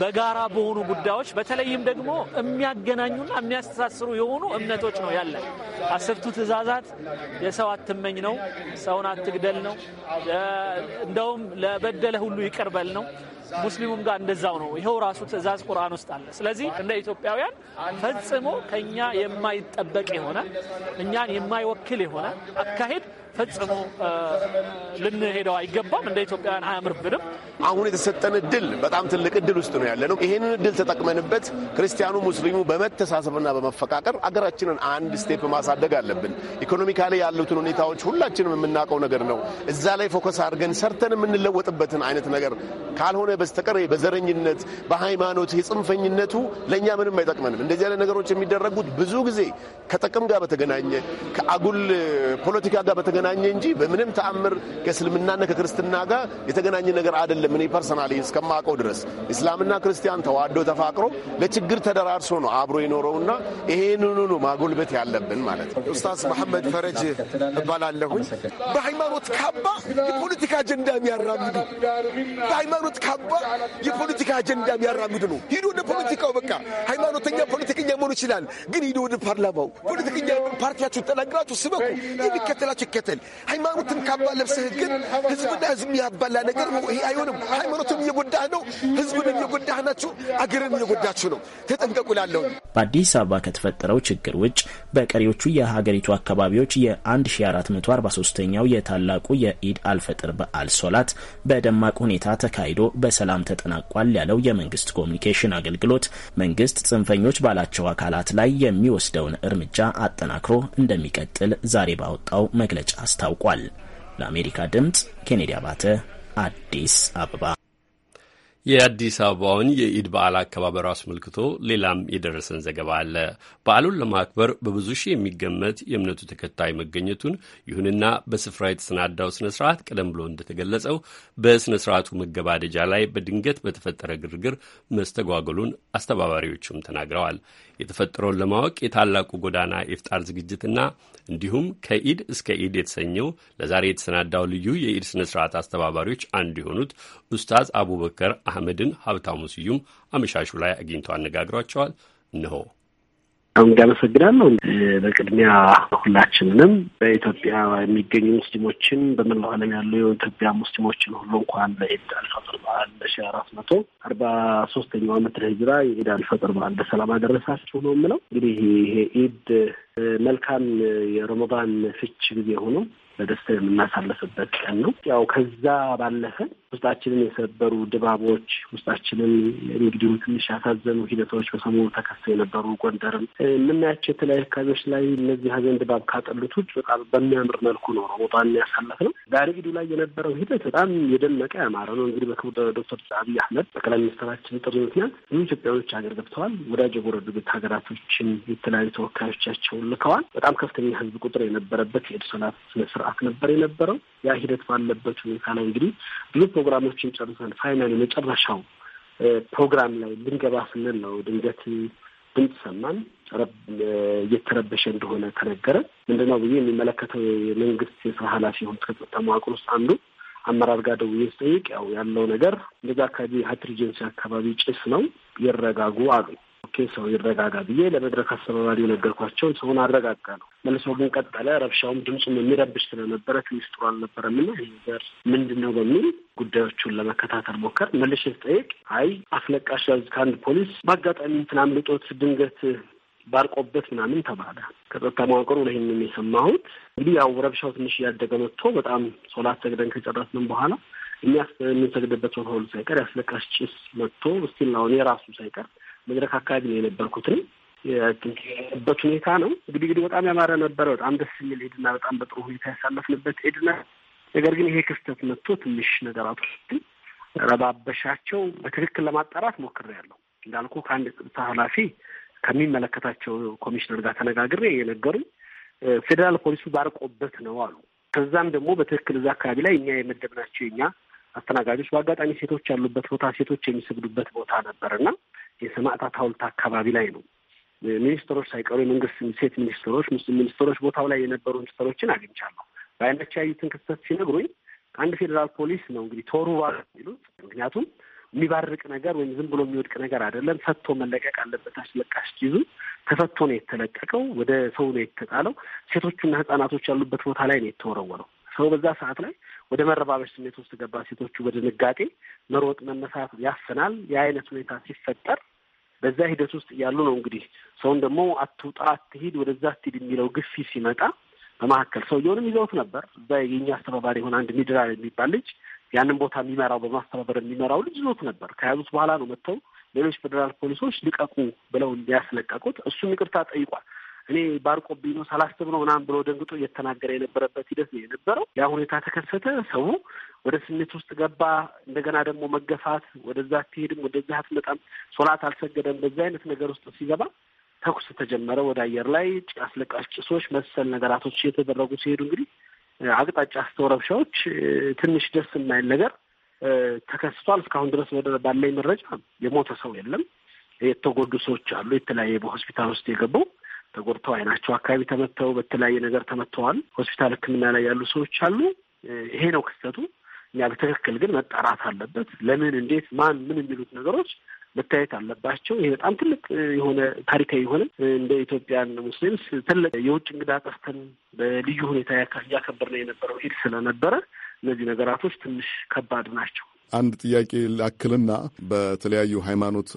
በጋራ በሆኑ ጉዳዮች በተለይም ደግሞ የሚያገናኙና የሚያስተሳስሩ የሆኑ እምነቶች ነው ያለ። አስርቱ ትእዛዛት የሰው አትመኝ ነው፣ ሰውን አትግደል ነው፣ እንደውም ለበደለ ሁሉ ይቀርበል ነው። ሙስሊሙም ጋር እንደዛው ነው። ይኸው ራሱ ትእዛዝ ቁርአን ውስጥ አለ። ስለዚህ እንደ ኢትዮጵያውያን ፈጽሞ ከኛ የማይጠበቅ የሆነ እኛን የማይወክል የሆነ አካሄድ ፈጽሞ ልንሄደው አይገባም። እንደ ኢትዮጵያውያን አያምርብንም። አሁን የተሰጠን እድል በጣም ትልቅ እድል ውስጥ ነው ያለነው። ይህንን እድል ተጠቅመንበት ክርስቲያኑ፣ ሙስሊሙ በመተሳሰብና በመፈቃቀር አገራችንን አንድ ስቴፕ ማሳደግ አለብን። ኢኮኖሚካሊ ያሉትን ሁኔታዎች ሁላችንም የምናውቀው ነገር ነው። እዛ ላይ ፎከስ አድርገን ሰርተን የምንለወጥበትን አይነት ነገር ካልሆነ በስተቀር በዘረኝነት በሃይማኖት የጽንፈኝነቱ ለእኛ ምንም አይጠቅመንም። እንደዚህ አይነት ነገሮች የሚደረጉት ብዙ ጊዜ ከጥቅም ጋር በተገናኘ ከአጉል ፖለቲካ ጋር በተገ የተገናኘ እንጂ በምንም ተአምር ከእስልምናና ከክርስትና ጋር የተገናኘ ነገር አይደለም። እኔ ፐርሰናል እስከማውቀው ድረስ እስላምና ክርስቲያን ተዋዶ ተፋቅሮ ለችግር ተደራርሶ ነው አብሮ የኖረውና ይሄንኑ ነው ማጎልበት ያለብን ማለት ነው። ኡስታዝ መሐመድ ፈረጅ እባላለሁኝ። በሃይማኖት ካባ የፖለቲካ አጀንዳ የሚያራምዱ በሃይማኖት ካባ የፖለቲካ አጀንዳ የሚያራምዱ ነው። ሂዶ ወደ ፖለቲካው በቃ ሃይማኖተኛ ፖለቲከኛ መሆኑ ይችላል። ግን ሂዶ ወደ ፓርላማው ፖለቲከኛ ፓርቲያችሁ ተናግራችሁ ስበኩ። የሚከተላችሁ ይከተል። መከተል። ሃይማኖትን ካባ ለብሰህ ግን ህዝብና ህዝብ ያባላ ነገር ይሄ አይሆንም። ሃይማኖትም እየጎዳህ ነው፣ ህዝብን እየጎዳህ ናችሁ፣ አገርን እየጎዳችሁ ነው። ተጠንቀቁ እላለሁ። በአዲስ አበባ ከተፈጠረው ችግር ውጭ በቀሪዎቹ የሀገሪቱ አካባቢዎች የ1443ኛው የታላቁ የኢድ አልፈጥር በዓል ሶላት በደማቅ ሁኔታ ተካሂዶ በሰላም ተጠናቋል ያለው የመንግስት ኮሚኒኬሽን አገልግሎት መንግስት ጽንፈኞች ባላቸው አካላት ላይ የሚወስደውን እርምጃ አጠናክሮ እንደሚቀጥል ዛሬ ባወጣው መግለጫ አስታውቋል። ለአሜሪካ ድምፅ ኬኔዲ አባተ አዲስ አበባ የአዲስ አበባውን የኢድ በዓል አከባበር አስመልክቶ ሌላም የደረሰን ዘገባ አለ። በዓሉን ለማክበር በብዙ ሺህ የሚገመት የእምነቱ ተከታይ መገኘቱን፣ ይሁንና በስፍራ የተሰናዳው ስነ ስርዓት ቀደም ብሎ እንደተገለጸው በስነ ስርዓቱ መገባደጃ ላይ በድንገት በተፈጠረ ግርግር መስተጓጎሉን አስተባባሪዎቹም ተናግረዋል። የተፈጠረውን ለማወቅ የታላቁ ጎዳና ኢፍጣር ዝግጅትና እንዲሁም ከኢድ እስከ ኢድ የተሰኘው ለዛሬ የተሰናዳው ልዩ የኢድ ስነ ስርዓት አስተባባሪዎች አንዱ የሆኑት ኡስታዝ አቡበከር አህመድን ሀብታሙ ስዩም አመሻሹ ላይ አግኝቶ አነጋግሯቸዋል። እንሆ እንዳመሰግናለሁ። በቅድሚያ ሁላችንንም በኢትዮጵያ የሚገኙ ሙስሊሞችን በመላው ዓለም ያሉ የኢትዮጵያ ሙስሊሞችን ሁሉ እንኳን ለኢድ አልፈጥር በዓል በሺ አራት መቶ አርባ ሶስተኛው ዓመት ለሂጅራ የኢድ አልፈጥር በዓል በሰላም አደረሳችሁ ነው የምለው። እንግዲህ ይሄ ኢድ መልካም የረመዳን ፍች ጊዜ ሆኖ በደስታ የምናሳልፍበት ቀን ነው። ያው ከዛ ባለፈ ውስጣችንን የሰበሩ ድባቦች፣ ውስጣችንን እንግዲሁም ትንሽ ያሳዘኑ ሂደቶች በሰሞኑ ተከሰው የነበሩ ጎንደርም የምናያቸው የተለያዩ አካባቢዎች ላይ እነዚህ ሀዘን ድባብ ካጠሉት ውጭ በጣም በሚያምር መልኩ ነው ሮሞጣን ያሳለፍ ነው። ዛሬ ግዱ ላይ የነበረው ሂደት በጣም የደመቀ ያማረ ነው። እንግዲህ በክቡር ዶክተር አብይ አህመድ ጠቅላይ ሚኒስትራችን ጥሪ ምክንያት ብዙ ኢትዮጵያኖች ሀገር ገብተዋል። ወዳጅ የጎረዱ ሀገራቶችን የተለያዩ ተወካዮቻቸውን ልከዋል። በጣም ከፍተኛ ህዝብ ቁጥር የነበረበት የኢድ ሰላት ነበር የነበረው። ያ ሂደት ባለበት ሁኔታ ላይ እንግዲህ ብዙ ፕሮግራሞችን ጨርሰን ፋይናል የመጨረሻው ፕሮግራም ላይ ልንገባ ስንል ነው ድንገት ድምፅ ሰማን። እየተረበሸ እንደሆነ ተነገረ። ምንድነው ብዬ የሚመለከተው የመንግስት የስራ ኃላፊ የሆኑት ከጸጥታ መዋቅር ውስጥ አንዱ አመራር ጋር ደውዬ ስጠይቅ ያው ያለው ነገር እንደዚ አካባቢ ሀትሪጀንሲ አካባቢ ጭስ ነው ይረጋጉ አሉ። ልኬ ሰው ይረጋጋ ብዬ ለመድረክ አስተባባሪው ነገርኳቸው። ሰውን አረጋጋ ነው። መልሶ ግን ቀጠለ። ረብሻውም ድምፁም የሚረብሽ ስለነበረ ትንሽ ጥሩ አልነበረም እና ይህ ነገር ምንድን ነው በሚል ጉዳዮቹን ለመከታተል ሞከር። መልሽ ስጠይቅ አይ አስለቃሽ ያዝ ከአንድ ፖሊስ በአጋጣሚ እንትን አምልጦት ድንገት ባርቆበት ምናምን ተባለ። ከጸጥታ መዋቅሩ ይህንን የሰማሁት እንግዲህ ያው ረብሻው ትንሽ እያደገ መጥቶ በጣም ሶላት ሰግደን ከጨረስንም በኋላ የሚያስ የምንሰግድበት ቦታ ሁሉ ሳይቀር ያስለቃሽ ጭስ መጥቶ ስቲል አሁን የራሱ ሳይቀር መድረክ አካባቢ ነው የነበርኩትንም በት ሁኔታ ነው እንግዲህ እንግዲህ በጣም ያማረ ነበረ። በጣም ደስ የሚል ሄድና በጣም በጥሩ ሁኔታ ያሳለፍንበት ሄድና ነገር ግን ይሄ ክስተት መጥቶ ትንሽ ነገራቶች ረባበሻቸው። በትክክል ለማጣራት ሞክሬያለሁ። እንዳልኩ ከአንድ ጸጥታ ኃላፊ ከሚመለከታቸው ኮሚሽነር ጋር ተነጋግሬ የነገሩኝ ፌዴራል ፖሊሱ ባርቆበት ነው አሉ። ከዛም ደግሞ በትክክል እዛ አካባቢ ላይ እኛ የመደብናቸው የኛ አስተናጋጆች በአጋጣሚ ሴቶች ያሉበት ቦታ ሴቶች የሚሰግዱበት ቦታ ነበር እና የሰማዕታት ሐውልት አካባቢ ላይ ነው። ሚኒስትሮች ሳይቀሩ የመንግስት ሴት ሚኒስትሮች፣ ሙስሊም ሚኒስትሮች፣ ቦታው ላይ የነበሩ ሚኒስትሮችን አግኝቻለሁ። በአይናቸው ያዩትን ክስተት ሲነግሩኝ አንድ ፌዴራል ፖሊስ ነው እንግዲህ ቶሩ ባ የሚሉት ምክንያቱም የሚባርቅ ነገር ወይም ዝም ብሎ የሚወድቅ ነገር አይደለም። ፈቶ መለቀቅ አለበት። አስለቃሽ ይዙ ተፈቶ ነው የተለቀቀው። ወደ ሰው ነው የተጣለው። ሴቶቹና ህጻናቶች ያሉበት ቦታ ላይ ነው የተወረወረው። ሰው በዛ ሰዓት ላይ ወደ መረባበሽ ስሜት ውስጥ ገባ። ሴቶቹ በድንጋጤ መሮጥ፣ መነሳት ያፍናል የአይነት ሁኔታ ሲፈጠር በዛ ሂደት ውስጥ እያሉ ነው እንግዲህ ሰውን ደግሞ አትውጣ፣ አትሂድ፣ ወደዛ አትሂድ የሚለው ግፊ ሲመጣ በመካከል ሰውየውንም ይዘውት ነበር። እዛ የኛ አስተባባሪ የሆነ አንድ ሚድራል የሚባል ልጅ ያንን ቦታ የሚመራው በማስተባበር የሚመራው ልጅ ይዞት ነበር። ከያዙት በኋላ ነው መጥተው ሌሎች ፌዴራል ፖሊሶች ልቀቁ ብለው ሊያስለቀቁት እሱም ይቅርታ ጠይቋል። እኔ ባርቆብኝ ነው ሳላስብ ነው ምናምን ብሎ ደንግጦ እየተናገረ የነበረበት ሂደት ነው የነበረው። ያ ሁኔታ ተከሰተ። ሰው ወደ ስሜት ውስጥ ገባ። እንደገና ደግሞ መገፋት፣ ወደዛ አትሄድም፣ ወደዛ አትመጣም፣ ሶላት አልሰገደም። በዚህ አይነት ነገር ውስጥ ሲገባ ተኩስ ተጀመረ። ወደ አየር ላይ አስለቃሽ ጭሶች መሰል ነገራቶች እየተደረጉ ሲሄዱ እንግዲህ አቅጣጫ አስተወረብሻዎች ረብሻዎች ትንሽ ደስ የማይል ነገር ተከስቷል። እስካሁን ድረስ ባለኝ መረጃ የሞተ ሰው የለም። የተጎዱ ሰዎች አሉ። የተለያየ በሆስፒታል ውስጥ የገቡ ተጎድተው አይናቸው አካባቢ ተመተው በተለያየ ነገር ተመተዋል። ሆስፒታል ሕክምና ላይ ያሉ ሰዎች አሉ። ይሄ ነው ክስተቱ። እኛ በትክክል ግን መጣራት አለበት። ለምን፣ እንዴት፣ ማን፣ ምን የሚሉት ነገሮች መታየት አለባቸው። ይሄ በጣም ትልቅ የሆነ ታሪካዊ የሆነ እንደ ኢትዮጵያን ሙስሊምስ ትልቅ የውጭ እንግዳ ጠፍተን በልዩ ሁኔታ እያከበርነው የነበረው ኢድ ስለነበረ እነዚህ ነገራቶች ትንሽ ከባድ ናቸው። አንድ ጥያቄ ላክልና በተለያዩ ሃይማኖት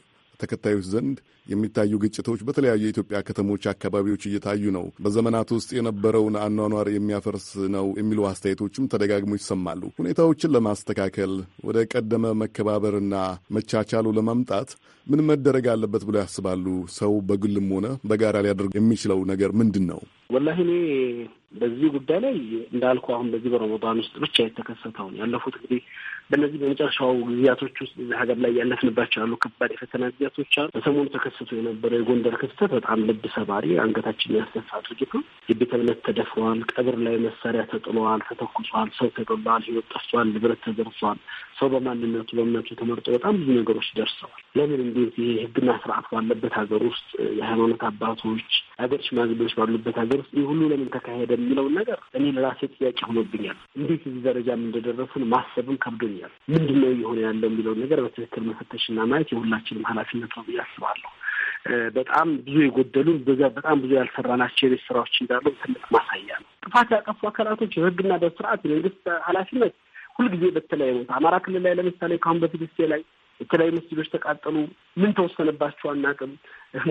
ተከታዮች ዘንድ የሚታዩ ግጭቶች በተለያዩ የኢትዮጵያ ከተሞች አካባቢዎች እየታዩ ነው። በዘመናት ውስጥ የነበረውን አኗኗር የሚያፈርስ ነው የሚሉ አስተያየቶችም ተደጋግሞ ይሰማሉ። ሁኔታዎችን ለማስተካከል ወደ ቀደመ መከባበርና መቻቻሉ ለማምጣት ምን መደረግ አለበት ብሎ ያስባሉ? ሰው በግልም ሆነ በጋራ ሊያደርግ የሚችለው ነገር ምንድን ነው? ወላሂ እኔ በዚህ ጉዳይ ላይ እንዳልኩ አሁን በዚህ በረመዳን ውስጥ ብቻ የተከሰተው ነው ያለፉት እንግዲህ በእነዚህ በመጨረሻው ጊዜያቶች ውስጥ እዚህ ሀገር ላይ ያለፍንባቸው ያሉ ከባድ የፈተና ጊዜያቶች አሉ። በሰሞኑ ተከሰ ተከስቶ የነበረው የጎንደር ክስተት በጣም ልብ ሰባሪ፣ አንገታችን ያስነሳ ድርጊት ነው። እምነት ተደፍሯል። ቀብር ላይ መሳሪያ ተጥሏል፣ ተተኩሷል፣ ሰው ተገሏል፣ ህይወት ጠፍቷል፣ ንብረት ተዘርፏል። ሰው በማንነቱ በእምነቱ ተመርጦ በጣም ብዙ ነገሮች ደርሰዋል። ለምን እንዴት ይሄ ህግና ስርዓት ባለበት ሀገር ውስጥ የሃይማኖት አባቶች፣ ሀገር ሽማግሌዎች ባሉበት ሀገር ውስጥ ይህ ሁሉ ለምን ተካሄደ የሚለውን ነገር እኔ ለራሴ ጥያቄ ሆኖብኛል። እንዴት እዚህ ደረጃም እንደደረስን ማሰብም ከብዶኛል። ምንድነው እየሆነ ያለው የሚለውን ነገር በትክክል መፈተሽና ማየት የሁላችንም ኃላፊነት ነው ብዬ አስባለሁ። በጣም ብዙ የጎደሉን በጣም ብዙ ያልሰራናቸው የቤት ስራዎች እንዳሉ ትልቅ ማሳያ ነው። ጥፋት ያጠፉ አካላቶች በህግና በስርዓት የመንግስት ኃላፊነት ሁልጊዜ በተለያየ ቦታ አማራ ክልል ላይ ለምሳሌ ከአሁን በፊት ላይ የተለያዩ መስጊዶች ተቃጠሉ። ምን ተወሰነባቸው አናውቅም።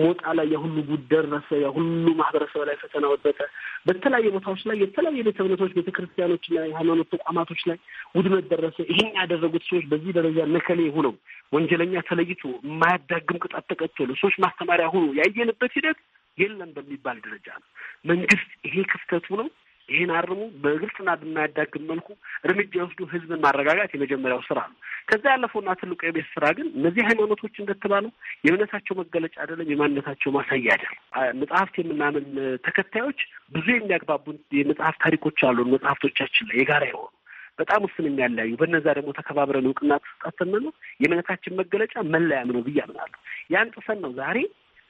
ሞጣ ላይ የሁሉ ጉድ ደረሰ። የሁሉ ማህበረሰብ ላይ ፈተና ወደቀ። በተለያየ ቦታዎች ላይ የተለያዩ ቤተ እምነቶች፣ ቤተ ክርስቲያኖችና የሃይማኖት ተቋማቶች ላይ ውድመት ደረሰ። ይህን ያደረጉት ሰዎች በዚህ ደረጃ ነከሌ ሆነው ወንጀለኛ ተለይቶ የማያዳግም ቅጣት ተቀጥቶ ሰዎች ማስተማሪያ ሆኖ ያየንበት ሂደት የለም በሚባል ደረጃ ነው። መንግስት ይሄ ክፍተቱ ነው። ይህን አርሙ በግልጽና በማያዳግም መልኩ እርምጃ የወስዱ ህዝብን ማረጋጋት የመጀመሪያው ስራ ነው። ከዛ ያለፈውና ትልቁ የቤት ስራ ግን እነዚህ ሃይማኖቶች እንደተባለው የእምነታቸው መገለጫ አይደለም፣ የማንነታቸው ማሳያ አይደለም። መጽሐፍት የምናምን ተከታዮች ብዙ የሚያግባቡን የመጽሐፍ ታሪኮች አሉን። መጽሐፍቶቻችን ላይ የጋራ የሆኑ በጣም ውስን የሚያለያዩ በነዛ ደግሞ ተከባብረን እውቅና ተሰጣተን ነው የእምነታችን መገለጫ መለያም ነው ብዬ አምናለሁ። ያን ጥሰን ነው ዛሬ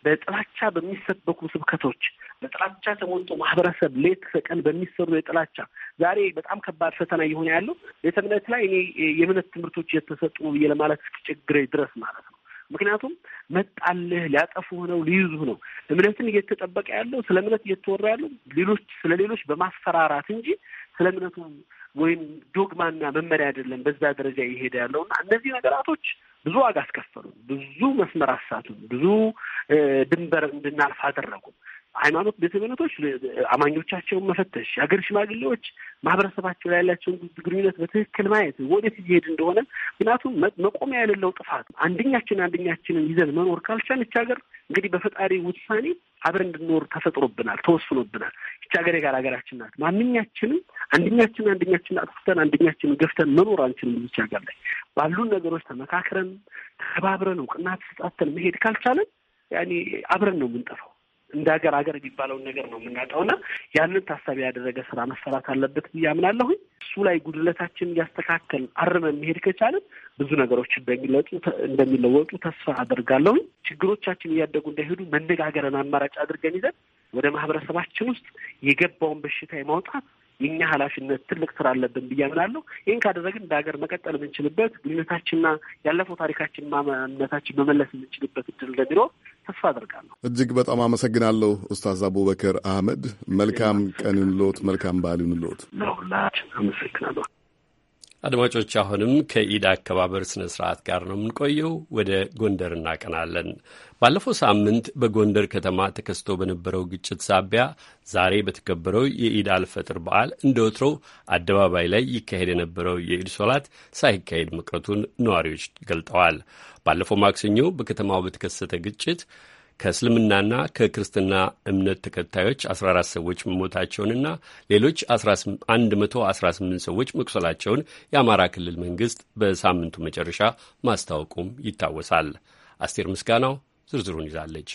በጥላቻ በሚሰበኩ ስብከቶች፣ በጥላቻ ተሞልቶ ማህበረሰብ ሌት ተቀን በሚሰሩ የጥላቻ ዛሬ በጣም ከባድ ፈተና እየሆነ ያለው ቤተ እምነት ላይ እኔ የእምነት ትምህርቶች የተሰጡ ነው ብዬ ለማለት እስኪቸግረኝ ድረስ ማለት ነው። ምክንያቱም መጣልህ ሊያጠፉ ነው ሊይዙህ ነው። እምነትን እየተጠበቀ ያለው ስለ እምነት እየተወራ ያለው ሌሎች ስለ ሌሎች በማስፈራራት እንጂ ስለ እምነቱ ወይም ዶግማና መመሪያ አይደለም በዛ ደረጃ እየሄደ ያለው እና እነዚህ ነገራቶች ብዙ ዋጋ አስከፈሉ፣ ብዙ መስመር አሳቱ፣ ብዙ ድንበር እንድናልፍ አደረጉ። ሃይማኖት ቤተ እምነቶች አማኞቻቸውን መፈተሽ፣ የሀገር ሽማግሌዎች ማህበረሰባቸው ላይ ያላቸውን ግንኙነት በትክክል ማየት፣ ወዴት እየሄድ እንደሆነ ምክንያቱም መቆሚያ የሌለው ጥፋት አንደኛችን አንደኛችንን ይዘን መኖር ካልቻል ይች ሀገር እንግዲህ በፈጣሪ ውሳኔ አብረን እንድንኖር ተፈጥሮብናል፣ ተወስኖብናል። ይች ሀገር የጋራ ሀገራችን ናት። ማንኛችንም አንደኛችን አንደኛችን አጥፍተን አንደኛችንን ገፍተን መኖር አንችልም። ይች ሀገር ላይ ባሉን ነገሮች ተመካክረን ተባብረን እውቅና ተሰጣተን መሄድ ካልቻለን ያኔ አብረን ነው የምንጠፋው። እንደ ሀገር ሀገር የሚባለውን ነገር ነው የምናውቀውና ያንን ታሳቢ ያደረገ ስራ መሰራት አለበት ብዬ አምናለሁኝ። እሱ ላይ ጉድለታችን እያስተካከል አርመን መሄድ ከቻለን ብዙ ነገሮች እንደሚለጡ እንደሚለወጡ ተስፋ አደርጋለሁኝ። ችግሮቻችን እያደጉ እንዳይሄዱ መነጋገርን አማራጭ አድርገን ይዘን ወደ ማህበረሰባችን ውስጥ የገባውን በሽታ የማውጣት የኛ ኃላፊነት ትልቅ ስራ አለብን ብዬ አምናለሁ። ይህን ካደረግን እንደ ሀገር መቀጠል የምንችልበት ግንኙነታችንና ያለፈው ታሪካችን ማንነታችን መመለስ የምንችልበት እድል እንደሚኖር ተስፋ አደርጋለሁ። እጅግ በጣም አመሰግናለሁ ኡስታዝ አቡበከር አህመድ። መልካም ቀን ይሁንልዎት። መልካም በዓል ይሁንልዎት። ለሁላችን አመሰግናለሁ። አድማጮች አሁንም ከኢድ አከባበር ስነ ስርዓት ጋር ነው የምንቆየው። ወደ ጎንደር እናቀናለን። ባለፈው ሳምንት በጎንደር ከተማ ተከስቶ በነበረው ግጭት ሳቢያ ዛሬ በተከበረው የኢድ አልፈጥር በዓል እንደ ወትሮው አደባባይ ላይ ይካሄድ የነበረው የኢድ ሶላት ሳይካሄድ መቅረቱን ነዋሪዎች ገልጠዋል። ባለፈው ማክሰኞ በከተማው በተከሰተ ግጭት ከእስልምናና ከክርስትና እምነት ተከታዮች 14 ሰዎች መሞታቸውንና ሌሎች 118 ሰዎች መቁሰላቸውን የአማራ ክልል መንግሥት በሳምንቱ መጨረሻ ማስታወቁም ይታወሳል። አስቴር ምስጋናው ዝርዝሩን ይዛለች።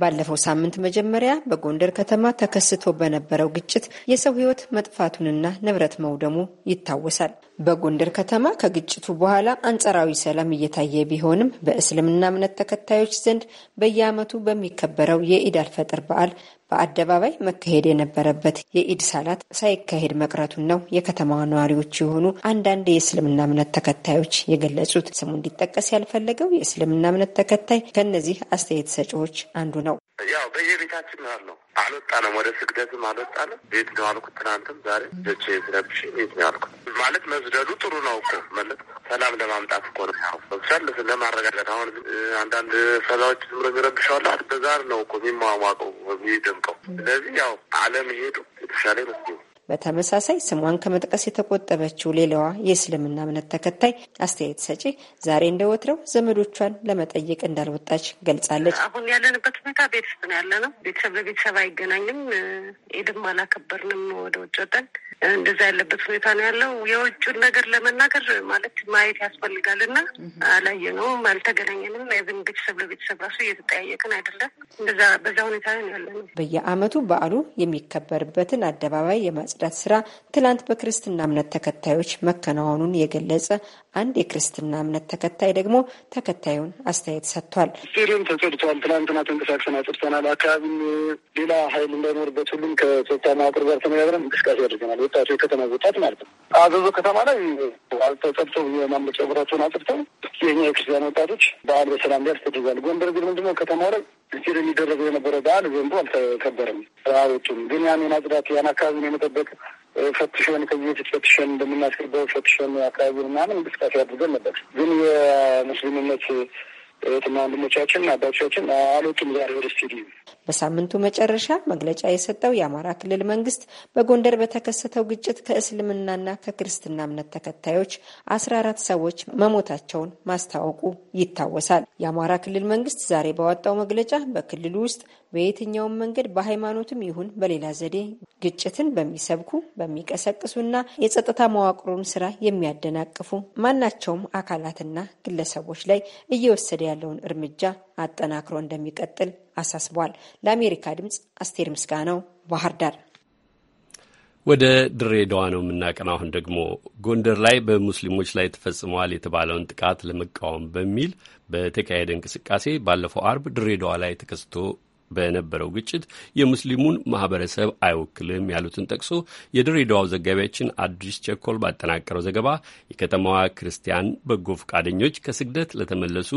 ባለፈው ሳምንት መጀመሪያ በጎንደር ከተማ ተከስቶ በነበረው ግጭት የሰው ሕይወት መጥፋቱንና ንብረት መውደሙ ይታወሳል። በጎንደር ከተማ ከግጭቱ በኋላ አንጻራዊ ሰላም እየታየ ቢሆንም በእስልምና እምነት ተከታዮች ዘንድ በየዓመቱ በሚከበረው የኢዳል ፈጥር በዓል በአደባባይ መካሄድ የነበረበት የኢድ ሰላት ሳይካሄድ መቅረቱን ነው የከተማዋ ነዋሪዎች የሆኑ አንዳንድ የእስልምና እምነት ተከታዮች የገለጹት። ስሙ እንዲጠቀስ ያልፈለገው የእስልምና እምነት ተከታይ ከእነዚህ አስተያየት ሰጪዎች አንዱ ነው። ያው በየቤታችን አለው አልወጣንም፣ ወደ ስግደትም አልወጣንም። ቤት ነው ያልኩት። ትናንትም ዛሬ ልጆች ስረብሽ ቤት ነው ያልኩት። ማለት መዝደዱ ጥሩ ነው እኮ መለት ሰላም ለማምጣት እኮ ነው ያው መብሻል አሁን አንዳንድ ሰላዎች ዝም ብሎ የሚረብሻዋለ በዛር ነው እኮ የሚሟሟቀው የሚደምቀው። ስለዚህ ያው አለም ሄዱ የተሻለ ይመስለኛል። በተመሳሳይ ስሟን ከመጥቀስ የተቆጠበችው ሌላዋ የእስልምና እምነት ተከታይ አስተያየት ሰጪ ዛሬ እንደወትረው ዘመዶቿን ለመጠየቅ እንዳልወጣች ገልጻለች። አሁን ያለንበት ሁኔታ ቤት ውስጥ ነው ያለነው። ቤተሰብ ለቤተሰብ አይገናኝም። ኢድም አላከበርንም። ወደ ውጭ ወጠን እንደዛ ያለበት ሁኔታ ነው ያለው። የውጭን ነገር ለመናገር ማለት ማየት ያስፈልጋል እና አላየነውም፣ አልተገናኘንም። ያዝን ቤተሰብ ለቤተሰብ ራሱ እየተጠያየቅን አይደለም። እንደዛ በዛ ሁኔታ ነው ነው። በየአመቱ በዓሉ የሚከበርበትን አደባባይ የማጽ የማጽዳት ስራ ትላንት በክርስትና እምነት ተከታዮች መከናወኑን የገለጸ አንድ የክርስትና እምነት ተከታይ ደግሞ ተከታዩን አስተያየት ሰጥቷል። ስቴዲየም ተጸድቷል። ትናንትና ተንቀሳቅሰን አጽድተናል። አካባቢም ሌላ ኃይል እንዳይኖርበት ሁሉም ከጸጥታ መዋቅር ጋር ተነጋግረን እንቅስቃሴ አድርገናል። ወጣቱ የከተማ ወጣት ማለት ነው። አዘዞ ከተማ ላይ አልተጸድተው የማምለጫ ቦታቸውን አጽድተው የኛ የክርስቲያን ወጣቶች በዓል በሰላም ጋር ተደርጓል። ጎንደር ግን ምንድነው ከተማ ላይ ስቴዲየም የሚደረገው የነበረ በዓል ዘንቦ አልተከበረም። አልወጡም። ግን ያንን አጽዳት ያን አካባቢን የመጠበቅ ፈትሸን ከዚህ በፊት ፈትሸን እንደምናስገባው ፈትሸን አካባቢ ምናምን እንቅስቃሴ አድርገን ነበር። ግን የሙስሊምነት እህትና ወንድሞቻችን አባቶቻችን አልወጡም ዛሬ ወደ ስቴዲየም በሳምንቱ መጨረሻ መግለጫ የሰጠው የአማራ ክልል መንግስት በጎንደር በተከሰተው ግጭት ከእስልምናና ከክርስትና እምነት ተከታዮች አስራ ሰዎች መሞታቸውን ማስታወቁ ይታወሳል። የአማራ ክልል መንግስት ዛሬ ባወጣው መግለጫ በክልሉ ውስጥ በየትኛውም መንገድ በሃይማኖትም ይሁን በሌላ ዘዴ ግጭትን በሚሰብኩ በሚቀሰቅሱና የጸጥታ መዋቅሩን ስራ የሚያደናቅፉ ማናቸውም አካላትና ግለሰቦች ላይ እየወሰደ ያለውን እርምጃ አጠናክሮ እንደሚቀጥል አሳስቧል። ለአሜሪካ ድምጽ አስቴር ምስጋናው ባህር ዳር። ወደ ድሬዳዋ ነው የምናቀናው። አሁን ደግሞ ጎንደር ላይ በሙስሊሞች ላይ ተፈጽመዋል የተባለውን ጥቃት ለመቃወም በሚል በተካሄደ እንቅስቃሴ ባለፈው አርብ ድሬዳዋ ላይ ተከስቶ በነበረው ግጭት የሙስሊሙን ማህበረሰብ አይወክልም ያሉትን ጠቅሶ የድሬዳዋው ዘጋቢያችን አዲስ ቸኮል ባጠናቀረው ዘገባ የከተማዋ ክርስቲያን በጎ ፈቃደኞች ከስግደት ለተመለሱ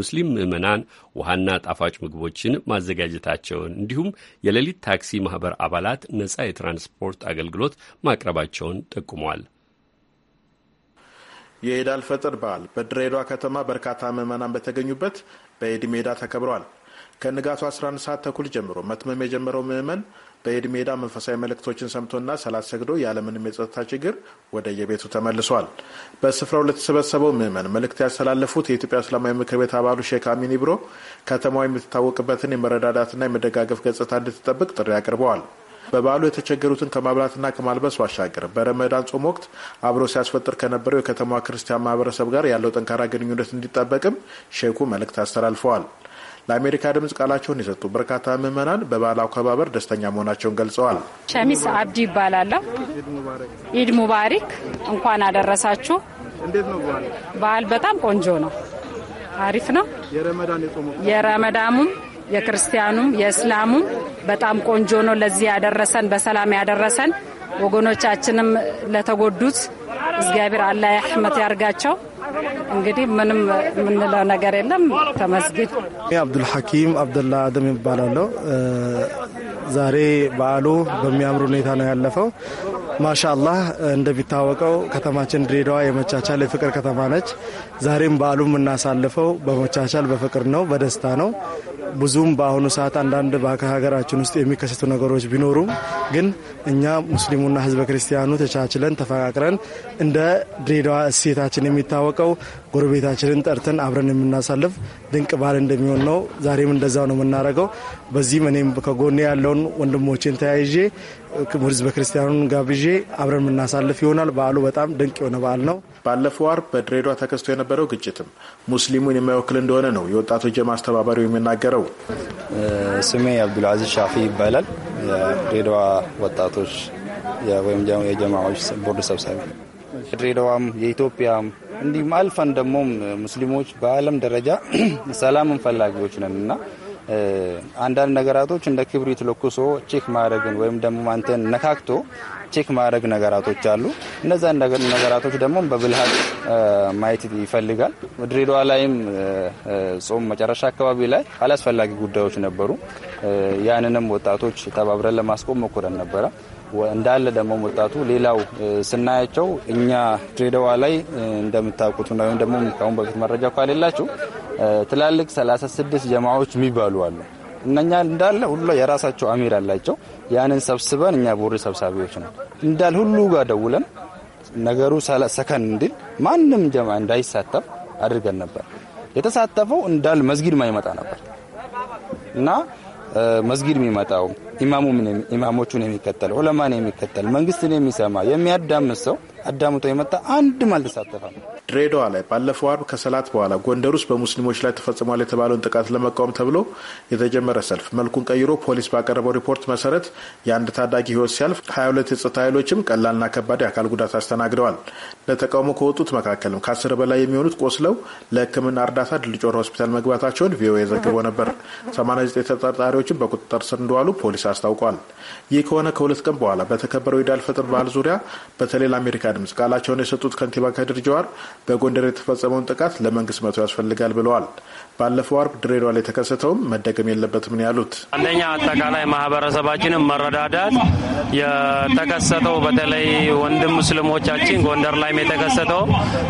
ሙስሊም ምዕመናን ውሃና ጣፋጭ ምግቦችን ማዘጋጀታቸውን እንዲሁም የሌሊት ታክሲ ማህበር አባላት ነጻ የትራንስፖርት አገልግሎት ማቅረባቸውን ጠቁመዋል። የኢድ ፈጥር በዓል በድሬዳዋ ከተማ በርካታ ምዕመናን በተገኙበት በኢድ ሜዳ ተከብረዋል። ከንጋቱ 11 ሰዓት ተኩል ጀምሮ መትመም የጀመረው ምዕመን በሄድ ሜዳ መንፈሳዊ መልእክቶችን ሰምቶና ሰላት ሰግዶ ያለምንም የጸጥታ ችግር ወደ የቤቱ ተመልሷል። በስፍራው ለተሰበሰበው ምዕመን መልእክት ያስተላለፉት የኢትዮጵያ እስላማዊ ምክር ቤት አባሉ ሼክ አሚን ኢብሮ ከተማዋ የምትታወቅበትን የመረዳዳትና የመደጋገፍ ገጽታ እንድትጠብቅ ጥሪ አቅርበዋል። በበዓሉ የተቸገሩትን ከማብላትና ከማልበስ ባሻገር በረመዳን ጾም ወቅት አብሮ ሲያስፈጥር ከነበረው የከተማዋ ክርስቲያን ማህበረሰብ ጋር ያለው ጠንካራ ግንኙነት እንዲጠበቅም ሼኩ መልእክት አስተላልፈዋል። ለአሜሪካ ድምጽ ቃላቸውን የሰጡ በርካታ ምዕመናን በበዓል አከባበር ደስተኛ መሆናቸውን ገልጸዋል። ሸሚስ አብዲ ይባላለሁ። ኢድ ሙባሪክ፣ እንኳን አደረሳችሁ። እንዴት ነው በዓል? በጣም ቆንጆ ነው፣ አሪፍ ነው። የረመዳሙም የክርስቲያኑም የእስላሙም በጣም ቆንጆ ነው። ለዚህ ያደረሰን በሰላም ያደረሰን ወገኖቻችንም ለተጎዱት እግዚአብሔር አላህ አህመት ያርጋቸው። እንግዲህ ምንም የምንለው ነገር የለም። ተመስግን። አብዱልሐኪም አብደላ አደም ይባላለው። ዛሬ በዓሉ በሚያምር ሁኔታ ነው ያለፈው። ማሻአላህ እንደሚታወቀው ከተማችን ድሬዳዋ የመቻቻል የፍቅር ከተማ ነች። ዛሬም በዓሉ የምናሳልፈው በመቻቻል በፍቅር ነው፣ በደስታ ነው። ብዙም በአሁኑ ሰዓት አንዳንድ ሀገራችን ውስጥ የሚከሰቱ ነገሮች ቢኖሩም ግን እኛ ሙስሊሙና ህዝበ ክርስቲያኑ ተቻችለን ተፈቃቅረን እንደ ድሬዳዋ እሴታችን የሚታወቀው ጎረቤታችንን ጠርተን አብረን የምናሳልፍ ድንቅ በዓል እንደሚሆን ነው። ዛሬም እንደዛው ነው የምናደርገው። በዚህም እኔም ከጎኔ ያለውን ወንድሞቼን ተያይዤ ህዝበ ክርስቲያኑን ጋብዤ አብረን የምናሳልፍ ይሆናል። በዓሉ በጣም ድንቅ የሆነ በዓል ነው። ባለፈው አርብ በድሬዳዋ ተከስቶ የነበረው ግጭትም ሙስሊሙን የማይወክል እንደሆነ ነው የወጣቱ ጀማ አስተባባሪው የሚናገረው። ስሜ አብዱልአዚዝ ሻፊ ይባላል። የድሬዳዋ ወጣቶች ወይም የጀማዎች ቦርድ ሰብሳቢ። ድሬዳዋም የኢትዮጵያም እንዲሁም አልፈን ደግሞ ሙስሊሞች በዓለም ደረጃ ሰላምን ፈላጊዎች ነን እና አንዳንድ ነገራቶች እንደ ክብሪት ለኩሶ ቼክ ማድረግን ወይም ደግሞ አንተን ነካክቶ ቼክ ማድረግ ነገራቶች አሉ። እነዛ ነገራቶች ደግሞ በብልሃት ማየት ይፈልጋል። ድሬዳዋ ላይም ጾም መጨረሻ አካባቢ ላይ አላስፈላጊ ጉዳዮች ነበሩ። ያንንም ወጣቶች ተባብረን ለማስቆም ሞክረን ነበረ። እንዳለ ደግሞ ወጣቱ ሌላው ስናያቸው እኛ ድሬዳዋ ላይ እንደምታውቁት ወይም ደግሞ ካሁን በፊት መረጃ እኳ ሌላችሁ ትላልቅ 36 ጀማዎች የሚባሉ አሉ። እነኛ እንዳለ ሁሉ የራሳቸው አሚር አላቸው። ያንን ሰብስበን እኛ ቦርድ ሰብሳቢዎች ነው እንዳል ሁሉ ጋር ደውለን ነገሩ ሰከን እንዲል ማንም ጀማ እንዳይሳተፍ አድርገን ነበር። የተሳተፈው እንዳል መዝጊድ ማይመጣ ነበር እና መዝጊድ የሚመጣው ኢማሙ ኢማሞቹን የሚከተል ዑለማን የሚከተል መንግስትን የሚሰማ የሚያዳምስ ሰው አዳምጦ የመጣ አንድም አልተሳተፈም። ድሬዳዋ ላይ ባለፈው አርብ ከሰላት በኋላ ጎንደር ውስጥ በሙስሊሞች ላይ ተፈጽሟል የተባለውን ጥቃት ለመቃወም ተብሎ የተጀመረ ሰልፍ መልኩን ቀይሮ ፖሊስ ባቀረበው ሪፖርት መሰረት የአንድ ታዳጊ ህይወት ሲያልፍ 22 የጸጥታ ኃይሎችም ቀላልና ከባድ የአካል ጉዳት አስተናግደዋል። ለተቃውሞ ከወጡት መካከልም ከአስር በላይ የሚሆኑት ቆስለው ለሕክምና እርዳታ ድልጮር ሆስፒታል መግባታቸውን ቪኦኤ ዘግቦ ነበር። 89 ተጠርጣሪዎችም በቁጥጥር ስር እንደዋሉ ፖሊስ አስታውቋል። ይህ ከሆነ ከሁለት ቀን በኋላ በተከበረው ኢድ አልፈጥር በዓል ዙሪያ በተለይ ለአሜሪካ ድምጽ ቃላቸውን የሰጡት ከንቲባ ከድር ጀዋር በጎንደር የተፈጸመውን ጥቃት ለመንግስት መቶ ያስፈልጋል ብለዋል። ባለፈው አርብ ድሬዳዋ ላይ የተከሰተውም መደገም የለበትም ነው ያሉት። አንደኛ አጠቃላይ ማህበረሰባችንም መረዳዳት የተከሰተው በተለይ ወንድም ሙስሊሞቻችን ጎንደር ላይም የተከሰተው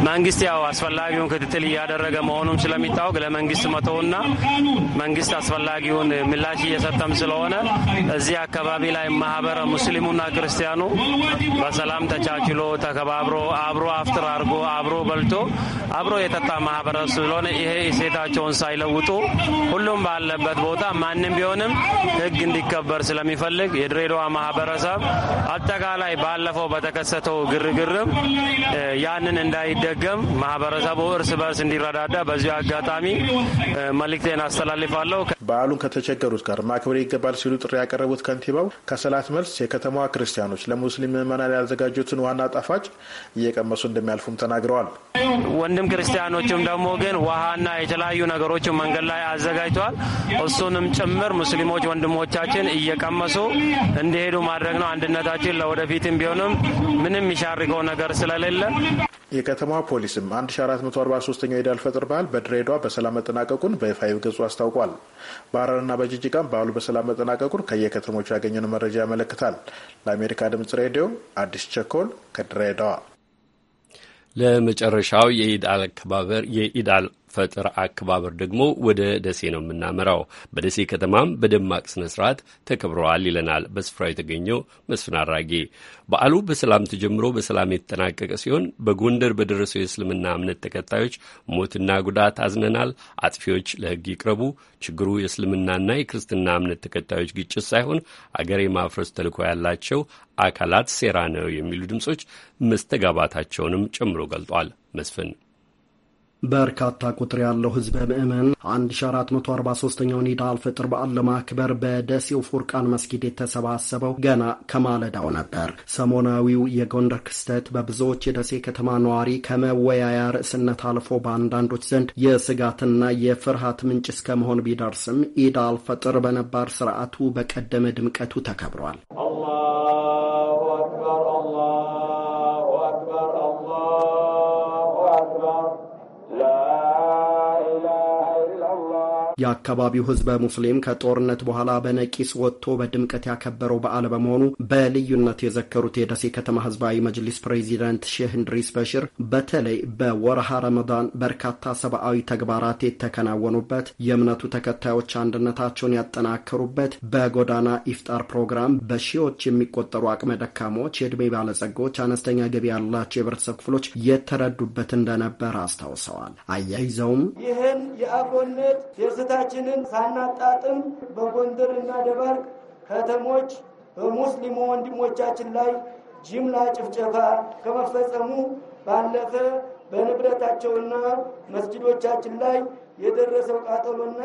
መንግስት ያው አስፈላጊውን ክትትል እያደረገ መሆኑም ስለሚታወቅ ለመንግስት መተውና መንግስት አስፈላጊውን ምላሽ እየሰጠም ስለሆነ እዚህ አካባቢ ላይ ማህበረ ሙስሊሙና ክርስቲያኑ በሰላም ተቻችሎ ተከባብሮ አብሮ አፍጥር አድርጎ አብሮ በልቶ አብሮ የጠጣ ማህበረ ስለሆነ ይሄ ሴታቸውን ህጉን ሳይለውጡ ሁሉም ባለበት ቦታ ማንም ቢሆንም ህግ እንዲከበር ስለሚፈልግ የድሬዳዋ ማህበረሰብ አጠቃላይ ባለፈው በተከሰተው ግርግርም ያንን እንዳይደገም ማህበረሰቡ እርስ በርስ እንዲረዳዳ በዚሁ አጋጣሚ መልእክቴን አስተላልፋለሁ። በዓሉን ከተቸገሩት ጋር ማክበር ይገባል ሲሉ ጥሪ ያቀረቡት ከንቲባው ከሰላት መልስ የከተማዋ ክርስቲያኖች ለሙስሊም ምዕመናን ያዘጋጁትን ዋና ጣፋጭ እየቀመሱ እንደሚያልፉም ተናግረዋል። ወንድም ክርስቲያኖችም ደግሞ ግን ውሃና የተለያዩ ነገ ነገሮችን መንገድ ላይ አዘጋጅተዋል። እሱንም ጭምር ሙስሊሞች ወንድሞቻችን እየቀመሱ እንዲሄዱ ማድረግ ነው። አንድነታችን ለወደፊትም ቢሆንም ምንም የሚሻርከው ነገር ስለሌለ የከተማዋ ፖሊስም 1443ኛው የዳል ፈጥር በዓል በድሬዳዋ በሰላም መጠናቀቁን በፋይቭ ገጹ አስታውቋል። በሐረርና በጅጅጋም በዓሉ በሰላም መጠናቀቁን ከየከተሞቹ ያገኘነው መረጃ ያመለክታል። ለአሜሪካ ድምጽ ሬዲዮ አዲስ ቸኮል ከድሬዳዋ ለመጨረሻው የኢድ አል ፈጥር አከባበር ደግሞ ወደ ደሴ ነው የምናመራው። በደሴ ከተማም በደማቅ ስነ ስርዓት ተከብረዋል ይለናል በስፍራው የተገኘው መስፍን አራጌ። በዓሉ በሰላም ተጀምሮ በሰላም የተጠናቀቀ ሲሆን በጎንደር በደረሰው የእስልምና እምነት ተከታዮች ሞትና ጉዳት አዝነናል፣ አጥፊዎች ለህግ ይቅረቡ፣ ችግሩ የእስልምናና የክርስትና እምነት ተከታዮች ግጭት ሳይሆን አገር የማፍረስ ተልኮ ያላቸው አካላት ሴራ ነው የሚሉ ድምጾች መስተጋባታቸውንም ጨምሮ ገልጧል መስፍን በርካታ ቁጥር ያለው ህዝበ ምዕመን 1443ኛውን ኢድ አልፈጥር በዓል ለማክበር በደሴው ፉርቃን መስጊድ የተሰባሰበው ገና ከማለዳው ነበር። ሰሞናዊው የጎንደር ክስተት በብዙዎች የደሴ ከተማ ነዋሪ ከመወያያ ርዕስነት አልፎ በአንዳንዶች ዘንድ የስጋትና የፍርሃት ምንጭ እስከመሆን ቢደርስም ኢድ አልፈጥር በነባር ስርዓቱ በቀደመ ድምቀቱ ተከብሯል። የአካባቢው ህዝበ ሙስሊም ከጦርነት በኋላ በነቂስ ወጥቶ በድምቀት ያከበረው በዓል በመሆኑ በልዩነት የዘከሩት የደሴ ከተማ ህዝባዊ መጅሊስ ፕሬዚደንት ሼህ እንድሪስ በሽር በተለይ በወርሃ ረመዳን በርካታ ሰብአዊ ተግባራት የተከናወኑበት የእምነቱ ተከታዮች አንድነታቸውን ያጠናከሩበት በጎዳና ኢፍጣር ፕሮግራም በሺዎች የሚቆጠሩ አቅመ ደካሞች፣ የዕድሜ ባለጸጎች፣ አነስተኛ ገቢ ያላቸው የህብረተሰብ ክፍሎች የተረዱበት እንደነበር አስታውሰዋል። አያይዘውም ይህን የአብሮነት ዝግጅታችንን ሳናጣጥም በጎንደር እና ደባርቅ ከተሞች በሙስሊሙ ወንድሞቻችን ላይ ጅምላ ጭፍጨፋ ከመፈጸሙ ባለፈ በንብረታቸውና መስጅዶቻችን ላይ የደረሰው ቃጠሎና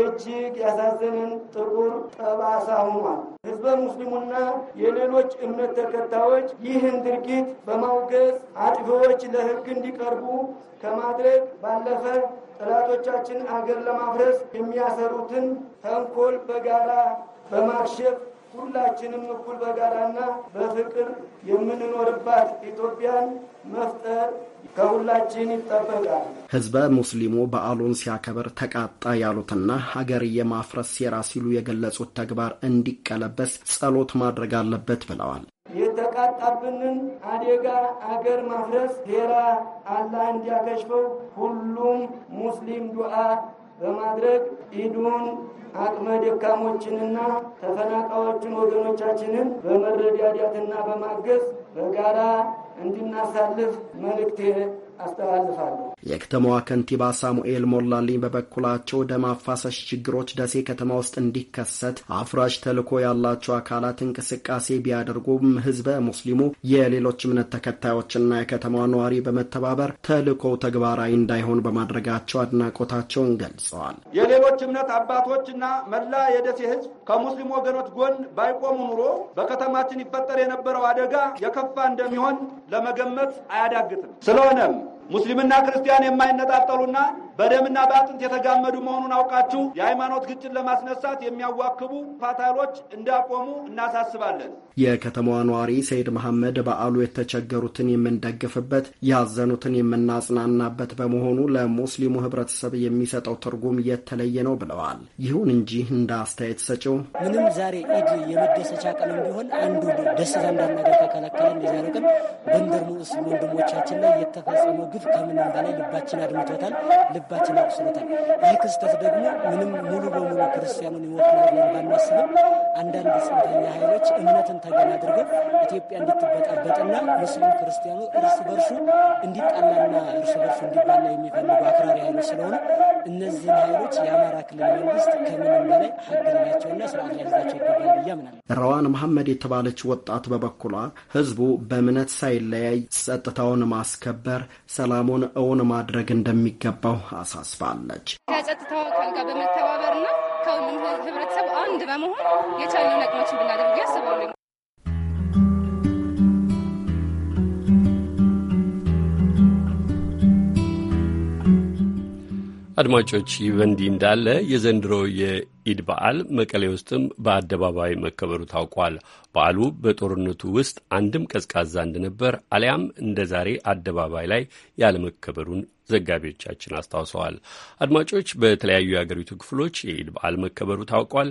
እጅግ ያሳዘንን ጥቁር ጠባሳ ሆኗል። ህዝበ ሙስሊሙና የሌሎች እምነት ተከታዮች ይህን ድርጊት በማውገዝ አጥፊዎች ለህግ እንዲቀርቡ ከማድረግ ባለፈ ጠላቶቻችን አገር ለማፍረስ የሚያሰሩትን ተንኮል በጋራ በማክሸፍ ሁላችንም እኩል በጋራና በፍቅር የምንኖርባት ኢትዮጵያን መፍጠር ከሁላችን ይጠበቃል። ህዝበ ሙስሊሙ በዓሉን ሲያከብር ተቃጣ ያሉትና ሀገር የማፍረስ ሴራ ሲሉ የገለጹት ተግባር እንዲቀለበስ ጸሎት ማድረግ አለበት ብለዋል። የተቃጣብንን አደጋ አገር ማፍረስ ቴራ አላህ እንዲያከሽፈው ሁሉም ሙስሊም ዱዓ በማድረግ ኢዱን አቅመ ደካሞችንና ተፈናቃዮችን ወገኖቻችንን በመረዳዳትና በማገዝ በጋራ እንድናሳልፍ መልእክቴ አስተላልፋለሁ። የከተማዋ ከንቲባ ሳሙኤል ሞላልኝ በበኩላቸው ደም አፋሳሽ ችግሮች ደሴ ከተማ ውስጥ እንዲከሰት አፍራሽ ተልዕኮ ያላቸው አካላት እንቅስቃሴ ቢያደርጉም ህዝበ ሙስሊሙ የሌሎች እምነት ተከታዮችና የከተማ ነዋሪ በመተባበር ተልዕኮው ተግባራዊ እንዳይሆን በማድረጋቸው አድናቆታቸውን ገልጸዋል። የሌሎች እምነት አባቶችና መላ የደሴ ህዝብ ከሙስሊም ወገኖች ጎን ባይቆሙ ኑሮ በከተማችን ይፈጠር የነበረው አደጋ የከፋ እንደሚሆን ለመገመት አያዳግትም። ስለሆነም ሙስሊምና ክርስቲያን የማይነጣጠሉና በደምና በአጥንት የተጋመዱ መሆኑን አውቃችሁ የሃይማኖት ግጭት ለማስነሳት የሚያዋክቡ ፋታሎች እንዳቆሙ እናሳስባለን። የከተማዋ ነዋሪ ሰይድ መሐመድ በዓሉ የተቸገሩትን የምንደግፍበት ያዘኑትን የምናጽናናበት በመሆኑ ለሙስሊሙ ህብረተሰብ የሚሰጠው ትርጉም የተለየ ነው ብለዋል። ይሁን እንጂ እንደ አስተያየት ሰጪው ምንም ዛሬ ኢድ የመደሰቻ ቀን ቢሆን አንዱ ደስታ እንዳናገር ተከለከለን። የዛሬ ቀን በንደር ሙስሊም ወንድሞቻችን ላይ የተፈጸመው ግፍ ከምንም በላይ ልባችን አድምቶታል። ልባች ይነቅሱበታል። ይህ ክስተት ደግሞ ምንም ሙሉ በሙሉ ክርስቲያኑን ይወክላል ባናስብም አንዳንድ ጽንፈኛ ኃይሎች እምነትን ተገን አድርገው ኢትዮጵያ እንድትበጣበጥና ሙስሊም ክርስቲያኑ እርስ በርሱ እንዲጣላና እርስ በርሱ እንዲባላ የሚፈልጉ አክራሪ ኃይሎች ስለሆኑ እነዚህን ኃይሎች የአማራ ክልል መንግስት ከምንም በላይ ሀግ ሊያቸውና ስርዓት ሊያዛቸው ይገባል ብዬ አምናለሁ። ረዋን መሐመድ የተባለች ወጣት በበኩሏ ህዝቡ በእምነት ሳይለያይ ጸጥታውን ማስከበር፣ ሰላሙን እውን ማድረግ እንደሚገባው ታሳስባለች። ከጸጥታው አካል ጋር በመተባበርና ከሁሉም ህብረተሰብ አንድ በመሆን የቻሉ ነቅሞችን ብናደርግ ያስባለሁ። አድማጮች ይህ በእንዲህ እንዳለ የዘንድሮ የኢድ በዓል መቀሌ ውስጥም በአደባባይ መከበሩ ታውቋል። በዓሉ በጦርነቱ ውስጥ አንድም ቀዝቃዛ እንደነበር አሊያም እንደ ዛሬ አደባባይ ላይ ያለመከበሩን ዘጋቢዎቻችን አስታውሰዋል። አድማጮች፣ በተለያዩ የአገሪቱ ክፍሎች የኢድ በዓል መከበሩ ታውቋል።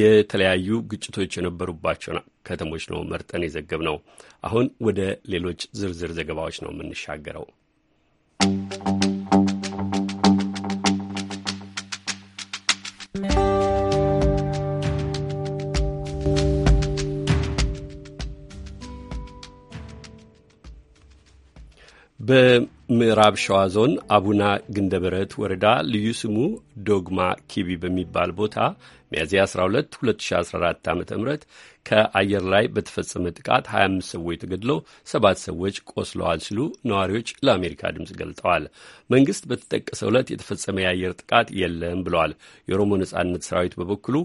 የተለያዩ ግጭቶች የነበሩባቸው ከተሞች ነው መርጠን የዘገብ ነው። አሁን ወደ ሌሎች ዝርዝር ዘገባዎች ነው የምንሻገረው። በ ምዕራብ ሸዋ ዞን አቡና ግንደበረት ወረዳ ልዩ ስሙ ዶግማ ኪቢ በሚባል ቦታ ሚያዝያ 12 2014 ዓ ም ከአየር ላይ በተፈጸመ ጥቃት 25 ሰዎች ተገድለው ሰባት ሰዎች ቆስለዋል ሲሉ ነዋሪዎች ለአሜሪካ ድምፅ ገልጠዋል። መንግስት በተጠቀሰው ዕለት የተፈጸመ የአየር ጥቃት የለም ብለዋል። የኦሮሞ ነጻነት ሰራዊት በበኩሉ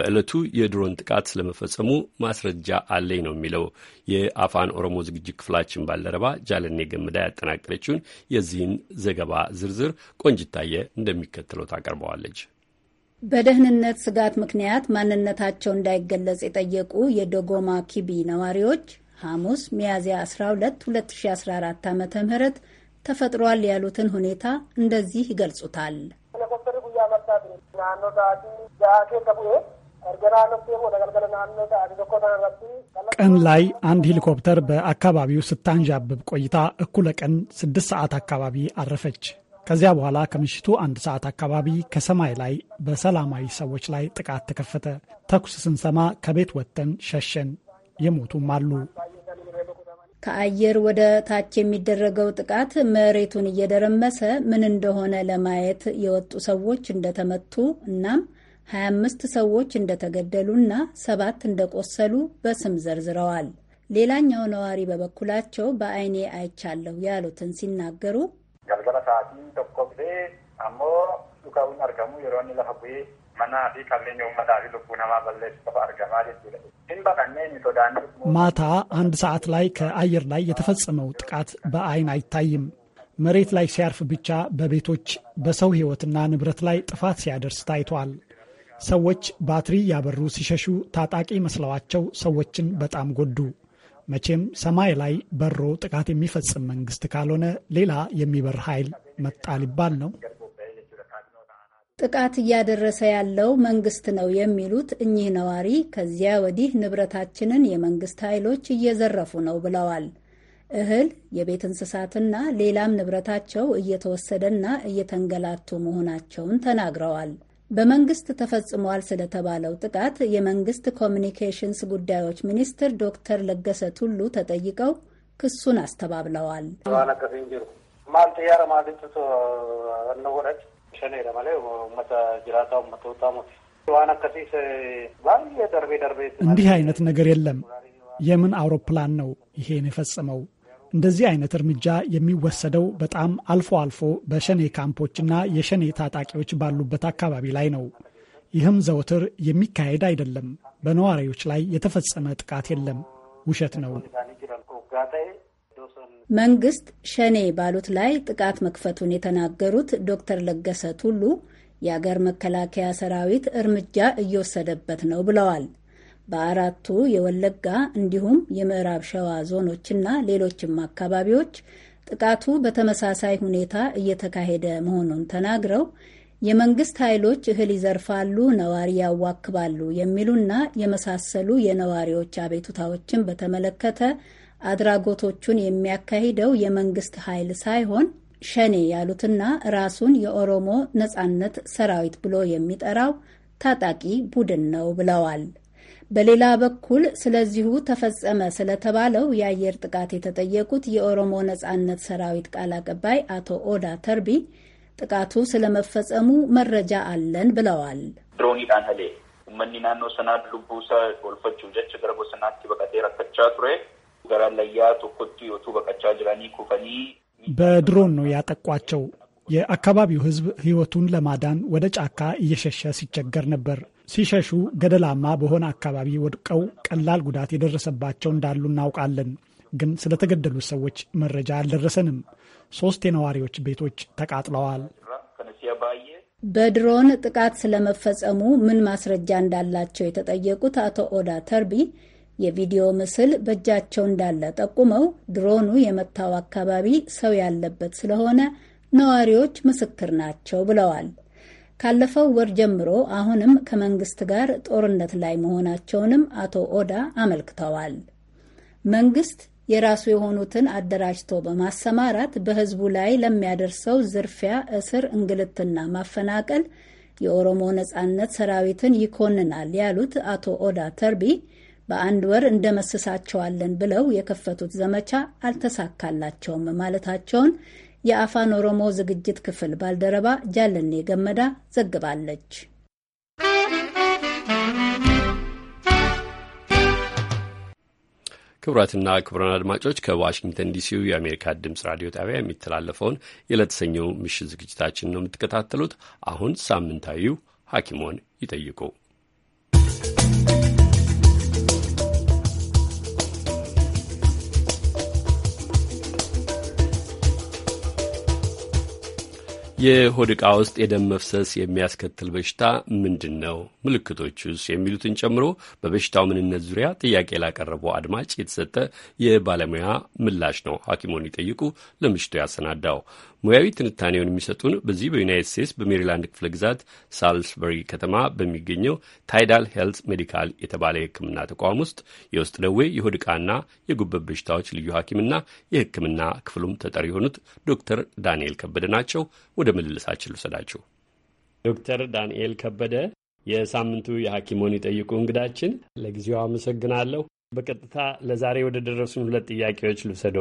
በዕለቱ የድሮን ጥቃት ስለመፈጸሙ ማስረጃ አለኝ ነው የሚለው። የአፋን ኦሮሞ ዝግጅት ክፍላችን ባልደረባ ጃለኔ ገምዳ ያጠናቀረችውን የዚህን ዘገባ ዝርዝር ቆንጅታየ እንደሚከተለው ታቀርበዋለች። በደህንነት ስጋት ምክንያት ማንነታቸው እንዳይገለጽ የጠየቁ የዶጎማ ኪቢ ነዋሪዎች ሐሙስ ሚያዝያ 12 2014 ዓ ም ተፈጥሯል ያሉትን ሁኔታ እንደዚህ ይገልጹታል። ቀን ላይ አንድ ሄሊኮፕተር በአካባቢው ስታንዣብብ ቆይታ እኩለ ቀን ስድስት ሰዓት አካባቢ አረፈች። ከዚያ በኋላ ከምሽቱ አንድ ሰዓት አካባቢ ከሰማይ ላይ በሰላማዊ ሰዎች ላይ ጥቃት ተከፈተ። ተኩስ ስንሰማ ከቤት ወጥተን ሸሸን። የሞቱም አሉ። ከአየር ወደ ታች የሚደረገው ጥቃት መሬቱን እየደረመሰ ምን እንደሆነ ለማየት የወጡ ሰዎች እንደተመቱ እናም 25 ሰዎች እንደተገደሉና ሰባት እንደቆሰሉ በስም ዘርዝረዋል። ሌላኛው ነዋሪ በበኩላቸው በአይኔ አይቻለሁ ያሉትን ሲናገሩ galgala sa'aatii tokko ta'ee ammoo dhukaa'uun argamu yeroo inni lafa bu'ee manaa fi kalleenya uummataa fi lubbuu namaa balleessu qofa argamaa jechuudha። ማታ አንድ ሰዓት ላይ ከአየር ላይ የተፈጸመው ጥቃት በአይን አይታይም። መሬት ላይ ሲያርፍ ብቻ በቤቶች በሰው ሕይወትና ንብረት ላይ ጥፋት ሲያደርስ ታይቷል። ሰዎች ባትሪ ያበሩ ሲሸሹ ታጣቂ መስለዋቸው ሰዎችን በጣም ጎዱ። መቼም ሰማይ ላይ በሮ ጥቃት የሚፈጽም መንግስት ካልሆነ ሌላ የሚበር ኃይል መጣ ሊባል ነው። ጥቃት እያደረሰ ያለው መንግስት ነው የሚሉት እኚህ ነዋሪ ከዚያ ወዲህ ንብረታችንን የመንግስት ኃይሎች እየዘረፉ ነው ብለዋል። እህል፣ የቤት እንስሳትና ሌላም ንብረታቸው እየተወሰደና እየተንገላቱ መሆናቸውን ተናግረዋል። በመንግስት ተፈጽሟል ስለተባለው ጥቃት የመንግስት ኮሚኒኬሽንስ ጉዳዮች ሚኒስትር ዶክተር ለገሰ ቱሉ ተጠይቀው ክሱን አስተባብለዋል። እንዲህ አይነት ነገር የለም። የምን አውሮፕላን ነው ይሄን የፈጸመው? እንደዚህ አይነት እርምጃ የሚወሰደው በጣም አልፎ አልፎ በሸኔ ካምፖችና የሸኔ ታጣቂዎች ባሉበት አካባቢ ላይ ነው። ይህም ዘወትር የሚካሄድ አይደለም። በነዋሪዎች ላይ የተፈጸመ ጥቃት የለም። ውሸት ነው። መንግስት ሸኔ ባሉት ላይ ጥቃት መክፈቱን የተናገሩት ዶክተር ለገሰ ቱሉ የአገር መከላከያ ሰራዊት እርምጃ እየወሰደበት ነው ብለዋል። በአራቱ የወለጋ እንዲሁም የምዕራብ ሸዋ ዞኖችና ሌሎችም አካባቢዎች ጥቃቱ በተመሳሳይ ሁኔታ እየተካሄደ መሆኑን ተናግረው የመንግስት ኃይሎች እህል ይዘርፋሉ፣ ነዋሪ ያዋክባሉ የሚሉና የመሳሰሉ የነዋሪዎች አቤቱታዎችን በተመለከተ አድራጎቶቹን የሚያካሂደው የመንግስት ኃይል ሳይሆን ሸኔ ያሉትና ራሱን የኦሮሞ ነጻነት ሰራዊት ብሎ የሚጠራው ታጣቂ ቡድን ነው ብለዋል። በሌላ በኩል ስለዚሁ ተፈጸመ ስለተባለው የአየር ጥቃት የተጠየቁት የኦሮሞ ነጻነት ሰራዊት ቃል አቀባይ አቶ ኦዳ ተርቢ ጥቃቱ ስለመፈጸሙ መረጃ አለን ብለዋል። ኡመኒ ናኖ ሰና ልቡሳ ረከቻ ቱሬ ዮቱ በቀቻ ጅራኒ ኩፈኒ በድሮን ነው ያጠቋቸው። የአካባቢው ህዝብ ህይወቱን ለማዳን ወደ ጫካ እየሸሸ ሲቸገር ነበር። ሲሸሹ ገደላማ በሆነ አካባቢ ወድቀው ቀላል ጉዳት የደረሰባቸው እንዳሉ እናውቃለን። ግን ስለተገደሉት ሰዎች መረጃ አልደረሰንም። ሶስት የነዋሪዎች ቤቶች ተቃጥለዋል። በድሮን ጥቃት ስለመፈጸሙ ምን ማስረጃ እንዳላቸው የተጠየቁት አቶ ኦዳ ተርቢ የቪዲዮ ምስል በእጃቸው እንዳለ ጠቁመው ድሮኑ የመታው አካባቢ ሰው ያለበት ስለሆነ ነዋሪዎች ምስክር ናቸው ብለዋል። ካለፈው ወር ጀምሮ አሁንም ከመንግስት ጋር ጦርነት ላይ መሆናቸውንም አቶ ኦዳ አመልክተዋል። መንግስት የራሱ የሆኑትን አደራጅቶ በማሰማራት በህዝቡ ላይ ለሚያደርሰው ዝርፊያ፣ እስር፣ እንግልትና ማፈናቀል የኦሮሞ ነጻነት ሰራዊትን ይኮንናል ያሉት አቶ ኦዳ ተርቢ በአንድ ወር እንደመስሳቸዋለን ብለው የከፈቱት ዘመቻ አልተሳካላቸውም ማለታቸውን የአፋን ኦሮሞ ዝግጅት ክፍል ባልደረባ ጃለኔ ገመዳ ዘግባለች። ክቡራትና ክቡራን አድማጮች ከዋሽንግተን ዲሲው የአሜሪካ ድምፅ ራዲዮ ጣቢያ የሚተላለፈውን የዕለተሰኘው ምሽት ዝግጅታችን ነው የምትከታተሉት። አሁን ሳምንታዊው ሐኪሞን ይጠይቁ የሆድ ዕቃ ውስጥ የደም መፍሰስ የሚያስከትል በሽታ ምንድን ነው? ምልክቶቹስ? የሚሉትን ጨምሮ በበሽታው ምንነት ዙሪያ ጥያቄ ላቀረበው አድማጭ የተሰጠ የባለሙያ ምላሽ ነው ሐኪሞን ይጠይቁ ለምሽቱ ያሰናዳው ሙያዊ ትንታኔውን የሚሰጡን በዚህ በዩናይት ስቴትስ በሜሪላንድ ክፍለ ግዛት ሳልስበሪ ከተማ በሚገኘው ታይዳል ሄልት ሜዲካል የተባለ የሕክምና ተቋም ውስጥ የውስጥ ደዌ፣ የሆድ ዕቃና የጉበት በሽታዎች ልዩ ሐኪምና የሕክምና ክፍሉም ተጠሪ የሆኑት ዶክተር ዳንኤል ከበደ ናቸው። ወደ ምልልሳችን ልውሰዳችሁ። ዶክተር ዳንኤል ከበደ የሳምንቱ የሐኪሞን ይጠይቁ እንግዳችን፣ ለጊዜው አመሰግናለሁ። በቀጥታ ለዛሬ ወደ ደረሱን ሁለት ጥያቄዎች ልውሰዶ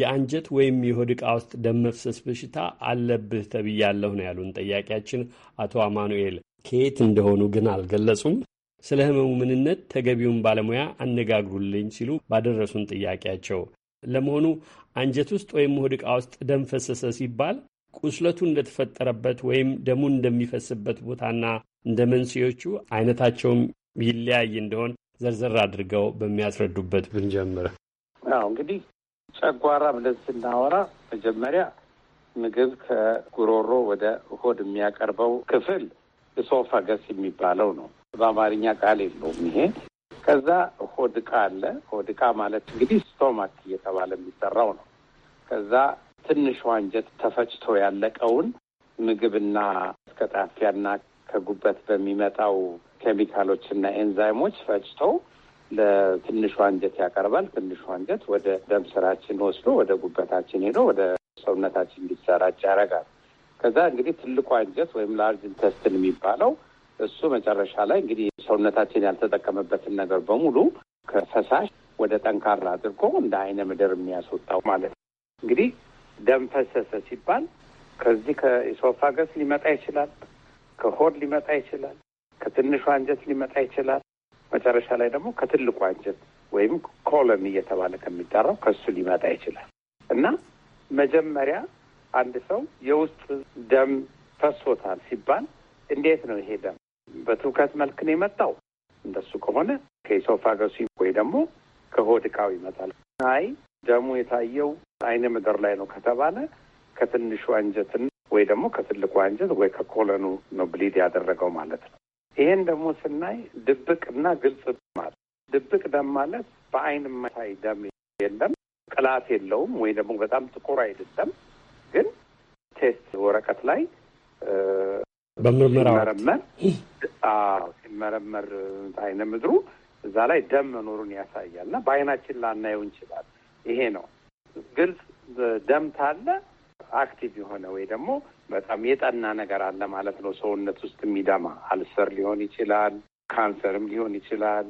የአንጀት ወይም የሆድ ዕቃ ውስጥ ደም መፍሰስ በሽታ አለብህ ተብያለሁ ነው ያሉን ጠያቂያችን አቶ አማኑኤል። ከየት እንደሆኑ ግን አልገለጹም። ስለ ህመሙ ምንነት ተገቢውን ባለሙያ አነጋግሩልኝ ሲሉ ባደረሱን ጥያቄያቸው ለመሆኑ አንጀት ውስጥ ወይም ሆድ ዕቃ ውስጥ ደም ፈሰሰ ሲባል ቁስለቱ እንደተፈጠረበት ወይም ደሙ እንደሚፈስበት ቦታና እንደ መንስኤዎቹ አይነታቸውም ይለያይ እንደሆን ዘርዘር አድርገው በሚያስረዱበት ብንጀምር። አዎ እንግዲህ ጨጓራ ብለን ስናወራ መጀመሪያ ምግብ ከጉሮሮ ወደ ሆድ የሚያቀርበው ክፍል ገስ የሚባለው ነው። በአማርኛ ቃል የለውም ይሄ። ከዛ ሆድ እቃ አለ። ሆድ ቃ ማለት እንግዲህ ስቶማክ እየተባለ የሚጠራው ነው። ከዛ ትንሽ አንጀት ተፈጭቶ ያለቀውን ምግብና እስከ ጣፊያና ከጉበት በሚመጣው ኬሚካሎችና ኤንዛይሞች ፈጭተው ለትንሿ አንጀት ያቀርባል። ትንሿ አንጀት ወደ ደም ስራችን ወስዶ ወደ ጉበታችን ሄዶ ወደ ሰውነታችን እንዲሰራጭ ያደርጋል። ከዛ እንግዲህ ትልቁ አንጀት ወይም ላርጅ ኢንተስትን የሚባለው እሱ መጨረሻ ላይ እንግዲህ ሰውነታችን ያልተጠቀመበትን ነገር በሙሉ ከፈሳሽ ወደ ጠንካራ አድርጎ እንደ አይነ ምድር የሚያስወጣው ማለት ነው። እንግዲህ ደም ፈሰሰ ሲባል ከዚህ ከኢሶፋገስ ሊመጣ ይችላል፣ ከሆድ ሊመጣ ይችላል፣ ከትንሿ አንጀት ሊመጣ ይችላል፣ መጨረሻ ላይ ደግሞ ከትልቁ አንጀት ወይም ኮለም እየተባለ ከሚጠራው ከሱ ሊመጣ ይችላል እና መጀመሪያ አንድ ሰው የውስጥ ደም ፈሶታል ሲባል እንዴት ነው ይሄ ደም በትውከት መልክ ነው የመጣው? እንደሱ ከሆነ ከኢሶፋገሱ ወይ ደግሞ ከሆድ ዕቃው ይመጣል። አይ ደሙ የታየው አይነ ምድር ላይ ነው ከተባለ ከትንሹ አንጀትን ወይ ደግሞ ከትልቁ አንጀት ወይ ከኮለኑ ነው ብሊድ ያደረገው ማለት ነው። ይሄን ደግሞ ስናይ ድብቅ እና ግልጽ ማለት ድብቅ ደም ማለት በአይን የማይታይ ደም የለም፣ ቅላት የለውም፣ ወይ ደግሞ በጣም ጥቁር አይደለም። ግን ቴስት ወረቀት ላይ በምርመራመር ሲመረመር አይነ ምድሩ እዛ ላይ ደም መኖሩን ያሳያል። እና በአይናችን ላናየው እንችላል። ይሄ ነው ግልጽ ደም ታለ አክቲቭ የሆነ ወይ ደግሞ በጣም የጠና ነገር አለ ማለት ነው። ሰውነት ውስጥ የሚደማ አልሰር ሊሆን ይችላል፣ ካንሰርም ሊሆን ይችላል።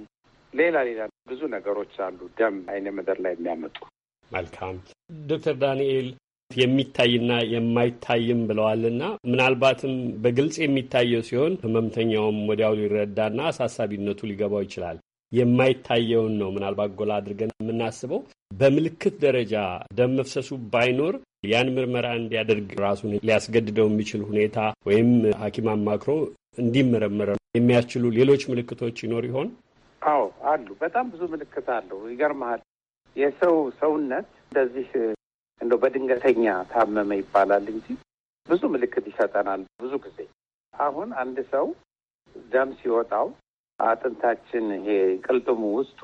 ሌላ ሌላ ብዙ ነገሮች አሉ ደም አይነ ምድር ላይ የሚያመጡ። መልካም ዶክተር ዳንኤል የሚታይና የማይታይም ብለዋልና ምናልባትም በግልጽ የሚታየው ሲሆን ህመምተኛውም ወዲያው ሊረዳና አሳሳቢነቱ ሊገባው ይችላል። የማይታየውን ነው ምናልባት ጎላ አድርገን የምናስበው። በምልክት ደረጃ ደም መፍሰሱ ባይኖር ያን ምርመራ እንዲያደርግ ራሱን ሊያስገድደው የሚችል ሁኔታ ወይም ሐኪም አማክሮ እንዲመረመረ የሚያስችሉ ሌሎች ምልክቶች ይኖር ይሆን? አዎ አሉ። በጣም ብዙ ምልክት አለው። ይገርመሃል፣ የሰው ሰውነት እንደዚህ እንደው በድንገተኛ ታመመ ይባላል እንጂ ብዙ ምልክት ይሰጠናል። ብዙ ጊዜ አሁን አንድ ሰው ደም ሲወጣው አጥንታችን ይሄ ቅልጥሙ ውስጡ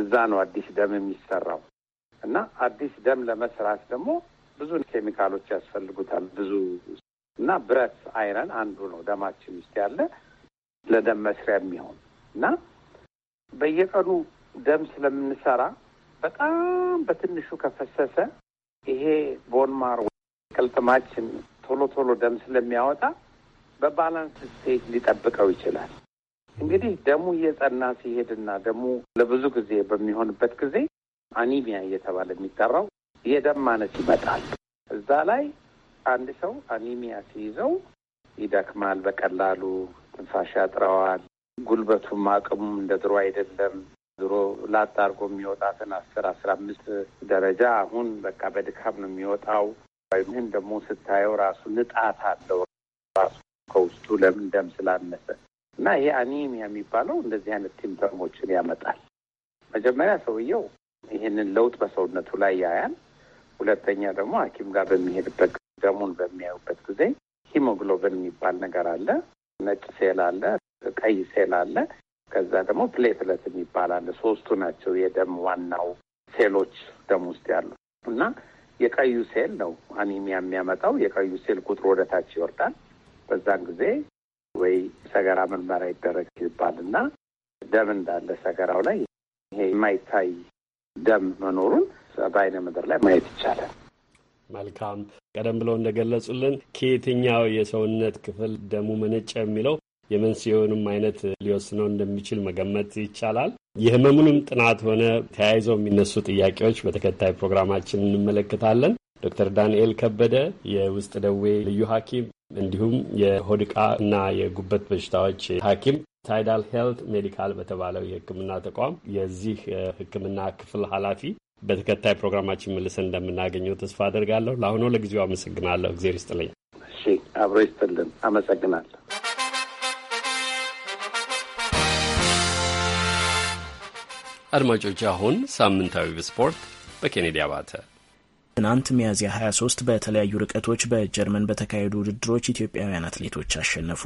እዛ ነው አዲስ ደም የሚሰራው እና አዲስ ደም ለመስራት ደግሞ ብዙ ኬሚካሎች ያስፈልጉታል። ብዙ እና ብረት አይረን አንዱ ነው ደማችን ውስጥ ያለ ለደም መስሪያ የሚሆን እና በየቀኑ ደም ስለምንሰራ በጣም በትንሹ ከፈሰሰ ይሄ ቦንማር ቅልጥማችን ቶሎ ቶሎ ደም ስለሚያወጣ በባላንስ ስቴት ሊጠብቀው ይችላል። እንግዲህ ደሙ እየጸና ሲሄድና ደሙ ለብዙ ጊዜ በሚሆንበት ጊዜ አኒሚያ እየተባለ የሚጠራው የደም ማነት ይመጣል። እዛ ላይ አንድ ሰው አኒሚያ ሲይዘው ይደክማል፣ በቀላሉ ትንፋሽ ያጥረዋል፣ ጉልበቱም አቅሙም እንደ ድሮ አይደለም። ድሮ ላጥ አድርጎ የሚወጣትን አስር አስራ አምስት ደረጃ አሁን በቃ በድካም ነው የሚወጣው። ወይምህን ደግሞ ስታየው ራሱ ንጣት አለው ራሱ ከውስጡ ለምን ደም ስላነሰ እና ይሄ አኒሚያ የሚባለው እንደዚህ አይነት ሲምፕተሞችን ያመጣል። መጀመሪያ ሰውየው ይህንን ለውጥ በሰውነቱ ላይ ያያል። ሁለተኛ ደግሞ ሐኪም ጋር በሚሄድበት ደሙን በሚያዩበት ጊዜ ሂሞግሎብን የሚባል ነገር አለ። ነጭ ሴል አለ፣ ቀይ ሴል አለ፣ ከዛ ደግሞ ፕሌትለት የሚባል አለ። ሶስቱ ናቸው የደም ዋናው ሴሎች ደም ውስጥ ያሉ እና የቀዩ ሴል ነው አኒሚያ የሚያመጣው። የቀዩ ሴል ቁጥር ወደታች ይወርዳል። በዛን ጊዜ ወይ ሰገራ ምርመራ ይደረግ ይባልና ደም እንዳለ ሰገራው ላይ ይሄ የማይታይ ደም መኖሩን በአይነ ምድር ላይ ማየት ይቻላል። መልካም። ቀደም ብለው እንደገለጹልን ከየትኛው የሰውነት ክፍል ደሙ መነጨ የሚለው የመንስኤውንም አይነት ሊወስነው እንደሚችል መገመት ይቻላል። የህመሙንም ጥናት ሆነ ተያይዘው የሚነሱ ጥያቄዎች በተከታይ ፕሮግራማችን እንመለከታለን። ዶክተር ዳንኤል ከበደ የውስጥ ደዌ ልዩ ሐኪም እንዲሁም የሆድቃ እና የጉበት በሽታዎች ሐኪም ታይዳል ሄልት ሜዲካል በተባለው የሕክምና ተቋም የዚህ ሕክምና ክፍል ኃላፊ በተከታይ ፕሮግራማችን መልሰን እንደምናገኘው ተስፋ አደርጋለሁ። ለአሁኑ ለጊዜው አመሰግናለሁ። እግዜር ይስጥልኝ። እሺ፣ አብሮ ይስጥልን። አመሰግናለሁ። አድማጮች፣ አሁን ሳምንታዊ ስፖርት በኬኔዲ አባተ ትናንት ሚያዝያ 23 በተለያዩ ርቀቶች በጀርመን በተካሄዱ ውድድሮች ኢትዮጵያውያን አትሌቶች አሸነፉ።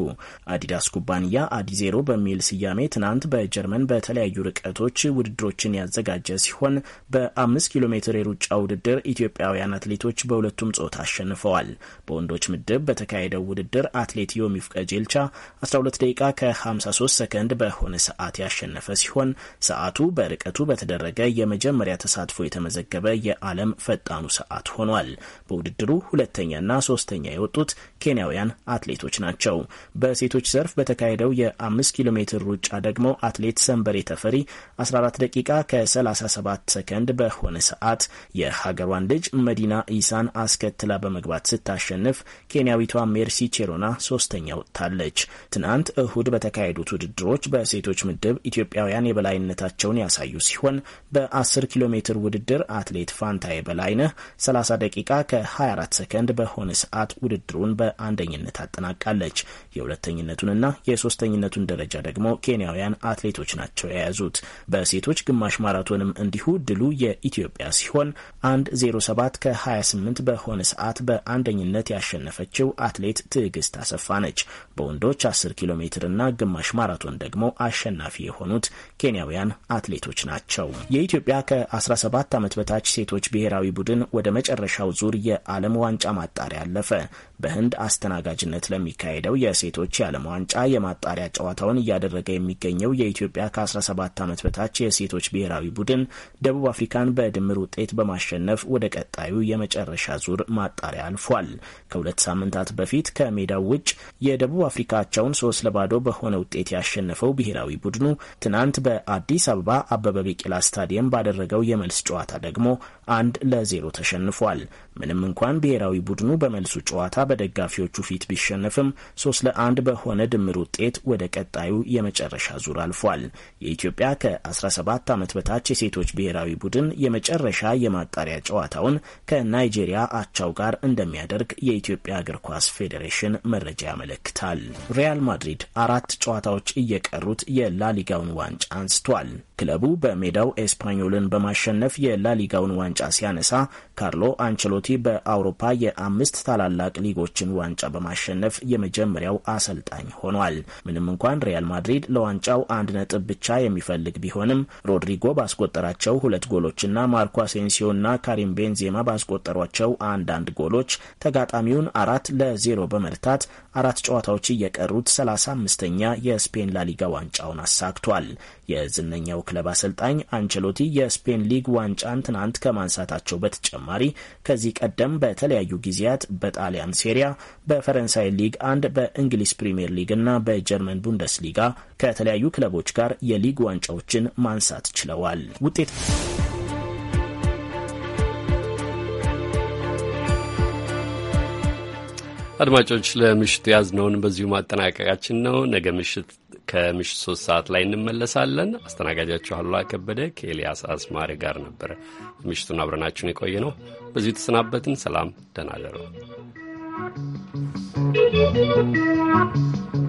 አዲዳስ ኩባንያ አዲዜሮ በሚል ስያሜ ትናንት በጀርመን በተለያዩ ርቀቶች ውድድሮችን ያዘጋጀ ሲሆን በአምስት ኪሎ ሜትር የሩጫ ውድድር ኢትዮጵያውያን አትሌቶች በሁለቱም ጾታ አሸንፈዋል። በወንዶች ምድብ በተካሄደው ውድድር አትሌት ዮሚፍ ቀጄልቻ 12 ደቂቃ ከ53 ሰከንድ በሆነ ሰዓት ያሸነፈ ሲሆን ሰዓቱ በርቀቱ በተደረገ የመጀመሪያ ተሳትፎ የተመዘገበ የዓለም ፈጣኑ ሰዓት ሰዓት ሆኗል። በውድድሩ ሁለተኛና ሶስተኛ የወጡት ኬንያውያን አትሌቶች ናቸው። በሴቶች ዘርፍ በተካሄደው የ5 ኪሎ ሜትር ሩጫ ደግሞ አትሌት ሰንበሬ ተፈሪ 14 ደቂቃ ከ37 ሰከንድ በሆነ ሰዓት የሀገሯን ልጅ መዲና ኢሳን አስከትላ በመግባት ስታሸንፍ ኬንያዊቷ ሜርሲ ቼሮና ሶስተኛ ወጥታለች። ትናንት እሁድ በተካሄዱት ውድድሮች በሴቶች ምድብ ኢትዮጵያውያን የበላይነታቸውን ያሳዩ ሲሆን በ10 ኪሎ ሜትር ውድድር አትሌት ፋንታ በላይነህ 30 ደቂቃ ከ24 ሰከንድ በሆነ ሰዓት ውድድሩን በአንደኝነት አጠናቃለች። የሁለተኝነቱንና የሶስተኝነቱን ደረጃ ደግሞ ኬንያውያን አትሌቶች ናቸው የያዙት። በሴቶች ግማሽ ማራቶንም እንዲሁ ድሉ የኢትዮጵያ ሲሆን 107 ከ28 በሆነ ሰዓት በአንደኝነት ያሸነፈችው አትሌት ትዕግስት አሰፋ ነች። በወንዶች 10 ኪሎ ሜትርና ግማሽ ማራቶን ደግሞ አሸናፊ የሆኑት ኬንያውያን አትሌቶች ናቸው። የኢትዮጵያ ከ17 ዓመት በታች ሴቶች ብሔራዊ ቡድን ወደ መጨረሻው ዙር የዓለም ዋንጫ ማጣሪያ አለፈ። በህንድ አስተናጋጅነት ለሚካሄደው የሴቶች የዓለም ዋንጫ የማጣሪያ ጨዋታውን እያደረገ የሚገኘው የኢትዮጵያ ከ17 ዓመት በታች የሴቶች ብሔራዊ ቡድን ደቡብ አፍሪካን በድምር ውጤት በማሸነፍ ወደ ቀጣዩ የመጨረሻ ዙር ማጣሪያ አልፏል። ከሁለት ሳምንታት በፊት ከሜዳው ውጭ የደቡብ አፍሪካቸውን ሶስት ለባዶ በሆነ ውጤት ያሸነፈው ብሔራዊ ቡድኑ ትናንት በአዲስ አበባ አበበ ቢቂላ ስታዲየም ባደረገው የመልስ ጨዋታ ደግሞ አንድ ለዜሮ ተሸንፏል። ምንም እንኳን ብሔራዊ ቡድኑ በመልሱ ጨዋታ በደጋፊዎቹ ፊት ቢሸነፍም ሶስት ለአንድ በሆነ ድምር ውጤት ወደ ቀጣዩ የመጨረሻ ዙር አልፏል። የኢትዮጵያ ከ17 ዓመት በታች የሴቶች ብሔራዊ ቡድን የመጨረሻ የማጣሪያ ጨዋታውን ከናይጄሪያ አቻው ጋር እንደሚያደርግ የኢትዮጵያ እግር ኳስ ፌዴሬሽን መረጃ ያመለክታል። ሪያል ማድሪድ አራት ጨዋታዎች እየቀሩት የላሊጋውን ዋንጫ አንስቷል። ክለቡ በሜዳው ኤስፓኞልን በማሸነፍ የላሊጋውን ዋንጫ ሲያነሳ ካርሎ አንቸሎቲ በአውሮፓ የአምስት ታላላቅ ሊ ሊጎችን ዋንጫ በማሸነፍ የመጀመሪያው አሰልጣኝ ሆኗል። ምንም እንኳን ሪያል ማድሪድ ለዋንጫው አንድ ነጥብ ብቻ የሚፈልግ ቢሆንም ሮድሪጎ ባስቆጠራቸው ሁለት ጎሎችና ማርኮ አሴንሲዮና ካሪም ቤንዜማ ባስቆጠሯቸው አንዳንድ ጎሎች ተጋጣሚውን አራት ለዜሮ በመርታት አራት ጨዋታዎች እየቀሩት ሰላሳ አምስተኛ የስፔን ላሊጋ ዋንጫውን አሳክቷል። የዝነኛው ክለብ አሰልጣኝ አንቸሎቲ የስፔን ሊግ ዋንጫን ትናንት ከማንሳታቸው በተጨማሪ ከዚህ ቀደም በተለያዩ ጊዜያት በጣሊያን ሴ ሴሪያ በፈረንሳይ ሊግ አንድ በእንግሊዝ ፕሪምየር ሊግ እና በጀርመን ሊጋ ከተለያዩ ክለቦች ጋር የሊግ ዋንጫዎችን ማንሳት ችለዋል። ውጤት አድማጮች፣ ለምሽቱ ያዝነውን በዚሁ ማጠናቀቃችን ነው። ነገ ምሽት ከምሽት ሶስት ሰዓት ላይ እንመለሳለን። አስተናጋጃችሁ አሉላ ከበደ ከኤልያስ አስማሪ ጋር ነበረ። ምሽቱን አብረናችሁን የቆየ ነው። በዚሁ ተሰናበትን። ሰላም ደህና ደሩ። Thank you.